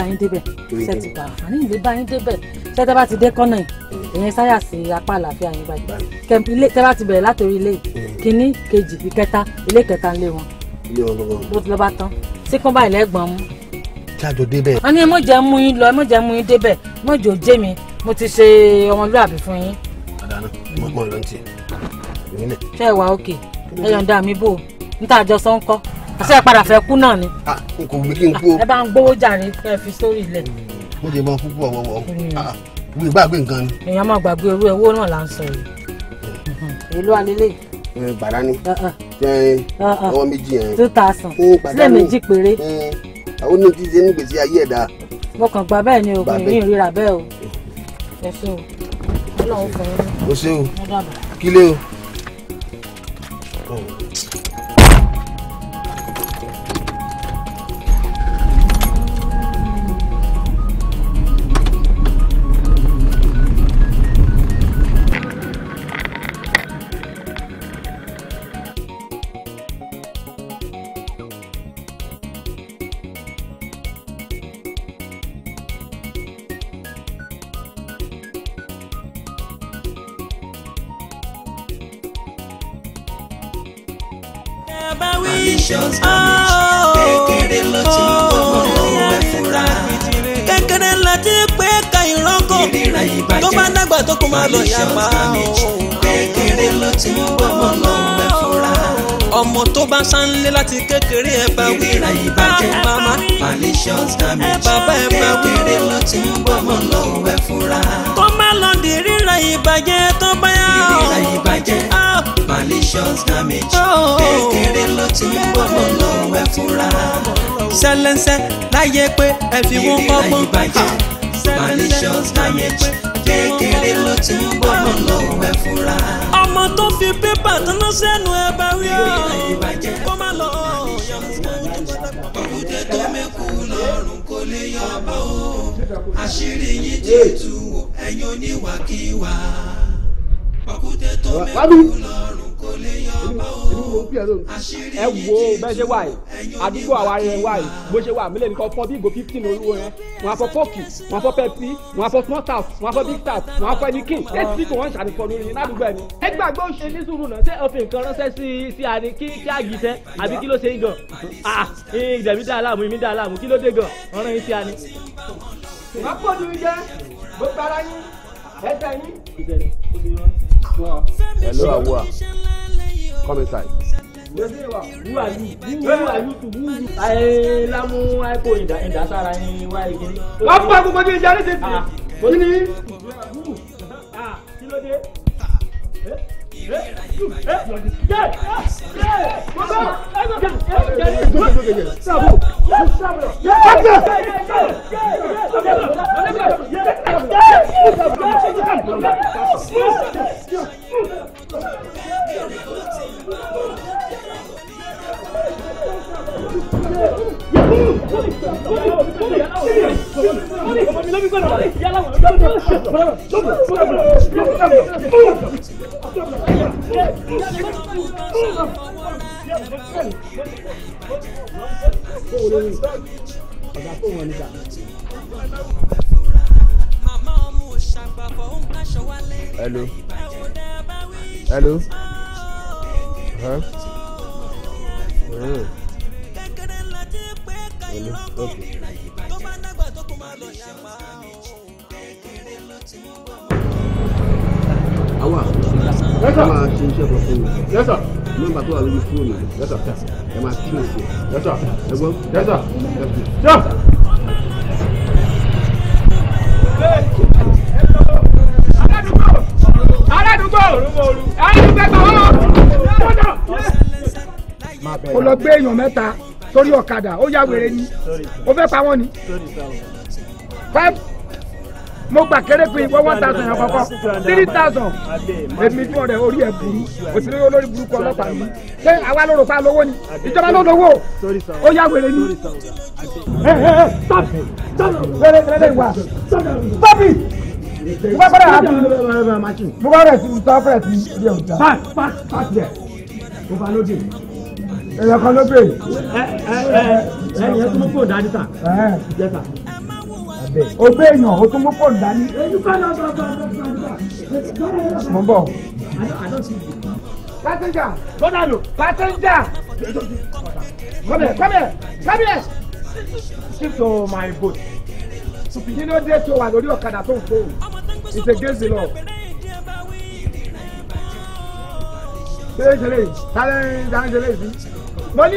bá yín débẹ̀ ṣe ti gbà àní ìlú bá yín débẹ̀ ṣe tẹ́ bá ti dé kọ́nà ìyẹn sáyà sí apá àlàáfíà yín báyìí kẹ̀mpì ilé tẹ́ bá ti bẹ̀rẹ̀ látòrí ilé kìíní hmm. kejì ìkẹta ilé kẹta ń lé wọn. ilé wọn gbọgbọ. bó ti lọ bá tán sí kún báyìí lẹ́gbọ̀n mú. ṣáàjọ débẹ̀. wọ́n ní ẹ mọ̀jẹ̀ mú yín lọ ẹ mọ̀jẹ̀ mú yín débẹ̀ mọ̀jẹ̀ ò jẹ́ mi mo ti ṣe ọmọlúwàbí fún yín. àdánù mo mọ̀ lọ́ntì. ṣé ẹ wà ókè ẹ yọ̀ǹda mi bò ń tà àjọsọ ń kọ́ àṣẹ padà fẹ́ kú náà ni. n ah, kò wí kí n kú o. ẹ bá ń gbowó jàre kẹ fi sórí ilẹ̀. mo jẹ mọ púpọ̀ ọwọ́ hmm. ah, mi gbàgbé nǹkan ni. èèyàn máa gbàgbé orú ẹ̀ owó náà là ń sọ yìí. èlò àlélẹ́ yìí. bàrà ni eh, ah, eh, ọwọ́ méjì yẹn. two thousand eh, sílẹ̀ méjì péré. àwọn oní ti ṣe ní gbèsè ayé ẹ̀dá. mo kàn gbà bẹ́ẹ̀ ni òkè yìí ríra bẹ́ẹ̀ o. ẹ ṣe o ọlọ́run fún yín. o ṣe o kí lé o. má lọ yàpá o. kékeré ló ti ń gbọ́mọ lọ gbẹ fúnra. ọmọ tó bá sánlé láti kékeré ẹ bá wí ra ìbàjẹ́ ah, mama. malicious damage. Eh, bàbá ẹ bá wí. kékeré ló ti ń gbọ́mọ lọ gbẹ fúnra. kó má lọ di ríra ìbàjẹ́ tó bá yà o. ríra ìbàjẹ́ ah. malicious damage. Oh. kékeré ló ti ń gbọ́mọ lọ gbẹ fúnra. sẹlẹsẹ láyé pé ẹ fi wọn kọ́gbọ́n. ríra ìbàjẹ́ ah. malicious damage kékeré ló ti ń bọ̀ lọ́wọ́ ẹ fúnra. ọmọ tó fi pépà tọ́nà sẹ́nu ẹ bá rí ọ kó má lọ òkúté tó mẹ́kù lọ́rùn kó lè yọ ọba o àṣírí yín ti tú ẹ̀yin oníwàkiwà òkúté tó mẹ́kù lọ́rùn èmi mò ń pè ẹ wo bẹ́ẹ̀ wà yìí àdúgbò àwa rẹ̀ wà yìí bó ṣe wà mílẹ̀ nìkan fọ́ bí ìgò fifteen olówó rẹ̀ wọn afọ fọ́ọ̀kì wọn afọ pepsi wọn afọ small tap wọn afọ big tap wọn afọ ẹnikin eight people wọn ṣàdìfọ lórí ní ládùúgbò ẹni. ẹ gbàgbọ́ ṣe ní sùúrù náà ṣé òfin kan ránṣẹ́ sí sí àní kí kí àgì tẹ́ àbí kí ló ṣe é gan ah ìdẹ̀mí hello àwa. Come inside. Who are you? Who are you to who you? Ayé lámú àìkò ìdá ìdá Hello. Hello. Huh? Mm. Awa, ẹ o lọ gbé èèyàn mẹ́ta sórí ọ̀kadà ó yá wèrè ni o fẹ́ pa wọ́n ni mo gbà kéré pé one thousand yẹn kọ́kọ́ three thousand èmi tí wọ́n orí ẹ̀ burú òsì olórí burúkú ọlọ́pàá mi ṣé àwa ló pa lówó ni ìjọba ló lówó ó yá wèrè ni. ẹ ẹ ẹ stop stop wẹrẹ wẹrẹ wà stop mo bá bẹ̀rẹ̀ mo bá bẹ̀rẹ̀ sí tọ́fẹ̀rẹ̀ sí ilé ọ̀dà pàṣẹ ẹ̀ mo bá lóde èèyàn kan ló béèrè. ẹ ẹ ẹ ẹ ẹ tún mú fóònù dání ta jẹta. o gbé èèyàn o tún mú fóònù dání. mo bọ̀. pásẹ́njà bọ́dàlù pásẹ́njà come here come here come here shift to my boat kí ló dé tó wà lórí ọ̀kadà tó ń fóònù it's against the law. ṣeré ṣeré ṣáré ṣáré ṣeré sí. mo ní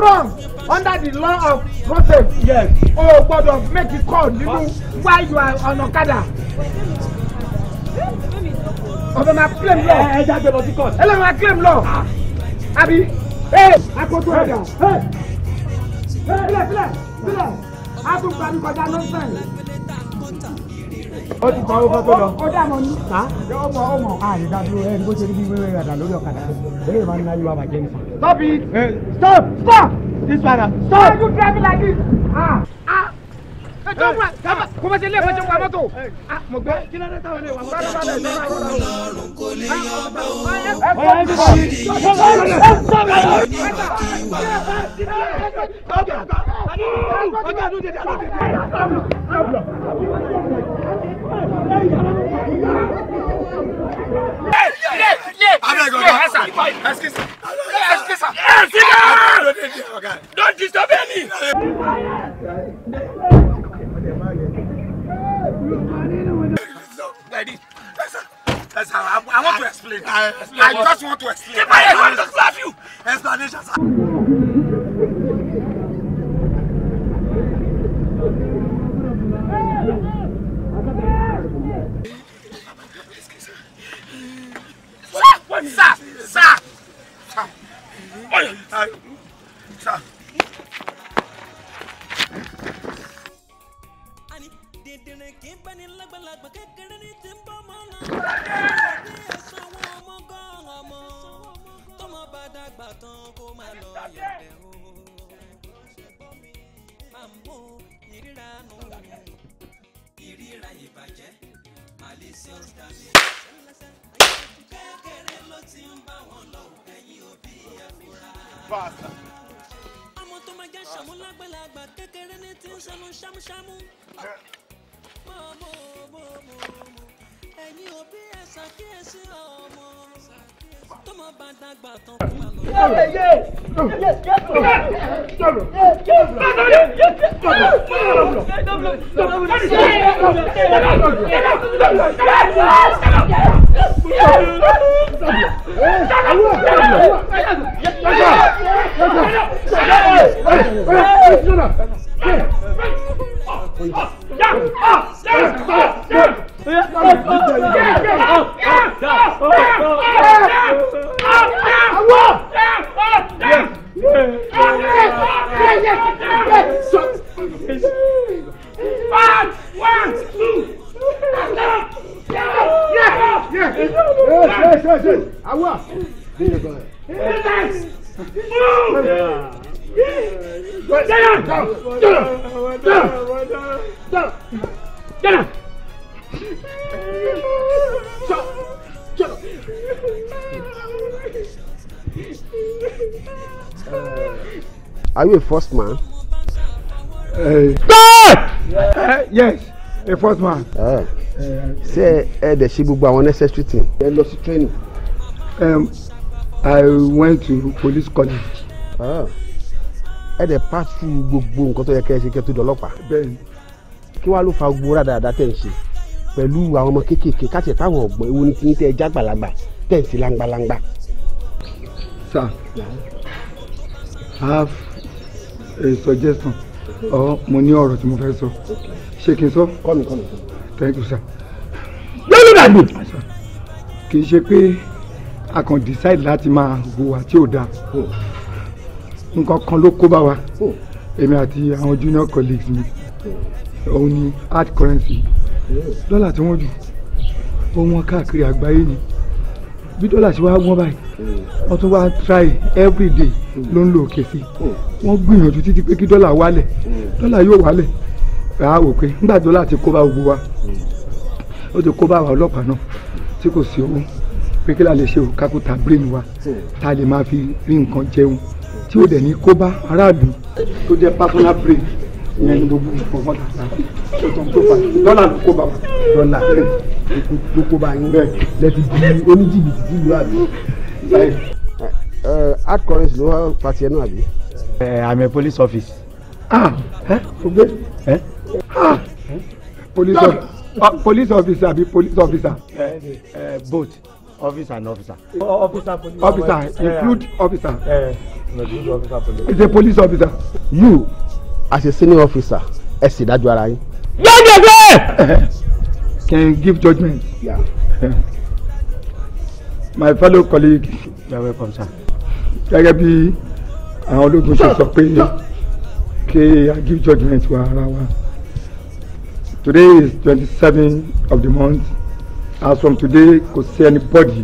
wrong under the law of process yes o gbọ́dọ̀ make a call know why you are on okada. ọ̀dọ̀ my claim law. ẹ my claim law. Abi, hey, I go to claim Hey, àbí ee akoto ẹ̀dá. sílẹ̀ sílẹ̀ sílẹ̀ a tún gbàdúgbàdà nọ́ọ̀sì ó ti pa owó tó lọ. ó dà mọ́ ní. ọmọ ọmọ àyè dàdúró ẹni bó ṣe rí bí wẹ́rẹ́ àdá lórí ọ̀kadà lórí ìmọ̀ nínú ayé wa nìkan. stop it stop stop this one stop. why you drive like this. ah ah ẹjọ wa dábàá kó bá ṣe lé mọ́tò. mo kí ló táwọn ilé wa mọ́tò. Don't disturb me! I, want to explain. I, just want to explain. I want to slap you. Explanation, sir. sir, sir. Sir. dìndìnrín kì í bẹni lágbàlagbà kékeré ní ti ń bọ́ mọ́ lọ. ìyàsọ malicious damage kékeré ló ti ń bá wọn ẹ̀yin òbí ẹ̀fúra. ọmọ tó máa jẹ́ ṣàmúlágbàlagbà kékeré ní ti ń ṣẹnu ṣámúṣámú. mo mo mo mo ẹ̀yin òbí ẹ ṣàkíyèsí ọmọ tọmọ bá dàgbà tán kó má lọ. One, two, Yes, yes, yes, yes. Awa. Relax. Move. Yeah. Get down. Down. Down. Down. Down. Down. Stop. Stop. Are you a first man? Uh, yes, a first man. Uh ṣé ẹ dẹ̀ ṣe gbogbo àwọn necessary thing. ẹ lọ sí training. Um, I went to police college. Ah. ẹ dẹ̀ pass through gbogbo nǹkan tó yẹ kẹ́ ẹ ṣe kẹ́ tó di ọlọ́pàá. bẹ́ẹ̀ni. kí wàá ló fa gbogbo rádaràda tẹ̀ ń ṣe pẹ̀lú àwọn ọmọ kéékèèké káṣí táwọn ọ̀gbọ́n ewu ni ti ń tẹ́ ẹ jágbàlagbà tẹ̀ ń ṣe langbalangba. sir I have a suggestion ọ mo ní ọ̀rọ̀ tí mo fẹ́ sọ ṣé kí n sọ. kọ́mi kọ́mi kọ́mi thank you sir. lọ́nà dàgbò kì í ṣe pé a kàn decide láti máa hùwà tí ò dáa oh. nǹkan kan ló kó bá wa oh. èmi àti àwọn junior colleagues mi òun ni hard currency oh. dọ́là tí wọ́n jù ó wọ́n káàkiri àgbáyé ni bí dọ́là ṣe wá wọ́n báyìí wọ́n tún wá try every day ló ń lò òkè sí wọ́n gbìyànjú títí pé kí dọ́là wálẹ̀ dọ́là yóò wálẹ̀ a wò pé nígbà tó láti kó bá gbogbo wa ó ti kó bá wa ọlọ́pàá náà tí kò sí owó pé kí la lè ṣe òkàkùtà brain wa tá a lè máa fi rí nǹkan jẹun tí ó dẹ̀ ní kó bá aráàlú tó jẹ́ personal brain ìyẹn ni gbogbo nǹkan kan tàbí tó tó ń tó fa dọ́là ló kó bá wa dọ́là ló kó bá yín bẹ́ẹ̀ lẹ́bi di oníjìbìtì tí ìlú àbí. akọrin sì ló wá pàṣẹ náà àbí. I'm a police officer. ah ẹ o gbé. Uh, police officer àbí police officer. Eh, eh, both officer and officer. officer police officer include eh, officer. it's a police officer. you as a senior officer ẹ sì dájú ara yín. lọ́jọ́sẹ̀. can you give judgement. Yeah. my fellow colleague. you are welcome sir. gẹ́gẹ́ bí àwọn ológun ṣe sọ pé kí I give judgement wa ara wa. Today is 27 of the month. As from today, kò sí anybody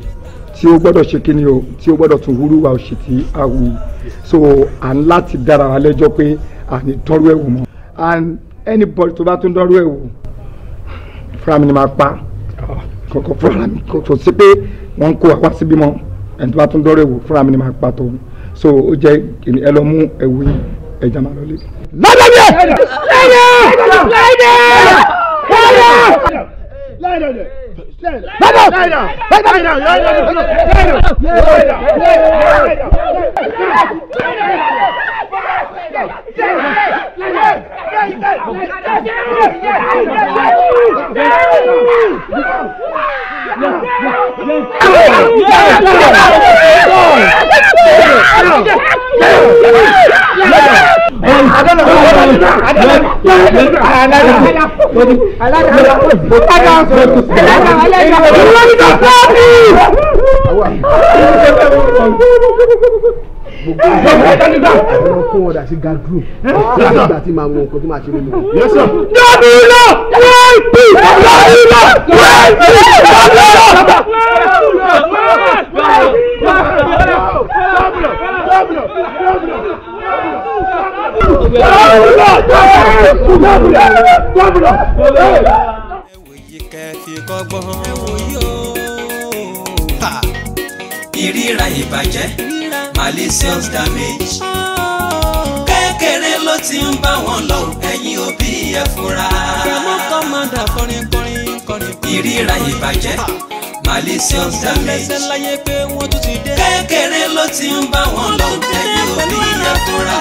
tí ó gbọ́dọ̀ ṣe kíni o tí ó gbọ́dọ̀ tún wúrúwà òṣì tí a wù. So à ń láti dára wa lẹ́jọ́ pé à ní dọ́rú ẹ̀wù mọ́. And anybody tó bá tún dọ́rú ẹ̀wù fúnra mi ni máa pa kọ̀ọ̀kan fúnra mi kò sí pé wọ́n ń kó àwa síbí mọ́ ẹni tó bá tún dọ́rọ̀ ẹ̀wù fúnra mi ni máa pa tó so ó jẹ́ ẹ lọ mú ẹ̀wù yìí ẹja máa lọ lé. lọ́dọ̀ yẹn lẹ́yìn lẹ́yìn. l i y down! Lie down there. Lie down. Lie down. Lie down. Lie down. Lie down. Lie down. Lie down. Lie down. Yeah. mo ní alága alága alága alága olórí tó sáàbì. Gbogbo ọ̀dà sí gadro. Ṣé àgbà tí màá mú nǹkan tí màá ṣe nínú? Yẹ́sọ̀. Dọ́bí lọ! twenty lọ́lọ́lọ́ twenty lọ́lọ́lọ́. ẹ wò yí kẹ́ fi kọ́gbọ́n. ẹ wò yí o. ìríra ìbàjẹ́ malicious damage ló ti ń bá wọn lọ ẹ̀yin òbí ẹ fura. kẹmọ kọmọdà kọrin kọrin kọrin. ìríra ìbàjẹ́ malicious damage. ẹsẹ̀ láyé pé wọ́n tún ti dé. kékeré ló ti ń bá wọn lọ ẹ̀yin òbí ẹ fura.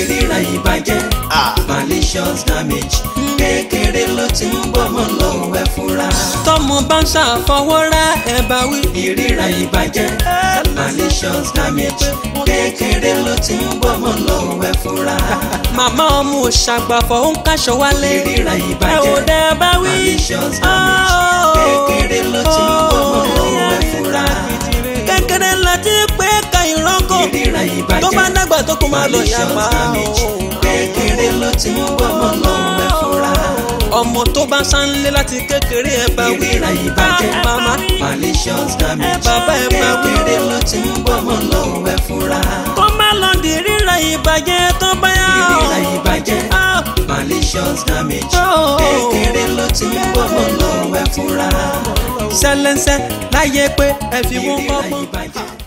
ìríra ìbàjẹ́ malicious damage. Hmm kékeré ló ti ń bọ́mọ lòun ẹ fura. tọmọ bá ń ṣàfọwọ́rá ẹ bá wí. ìríra ìbàjẹ́ malicious damage kékeré ló ti ń bọ́mọ lòun ẹ fura. màmá ọmọ òṣàgbàfọ̀ ń kaṣọ wálé. ìríra ìbàjẹ́ ẹ ò dẹ́ bá wí. malicious damage oh, kékeré ló ti ń bọ́mọ oh, lòun ẹ fura. kékeré ló ti pé ka ìrọ́kò. ìríra ìbàjẹ́ tó bá dàgbà tó kó máa lọ yàgbá. malicious damage kékeré ló ti ń bọ́mọ lòun ẹ fura ọmọ tó bá sáńlé láti kékeré ẹ bá wí ìrà ìbàjẹ́ ah, mama malicious damage bàbá ẹ bá wí ìrè ló ti ń gbọ́mọ lọ́wọ́ ẹ fúnra. kó má lọ di ríra ìbàjẹ́ tó bá yà ọ́. ìrà ìbàjẹ́ ah. malicious damage oh. kékeré ló ti ń gbọ́mọ lọ́wọ́ ẹ fúnra. sẹlẹsẹ láyé pé ẹ fi mú bọ́bọ́.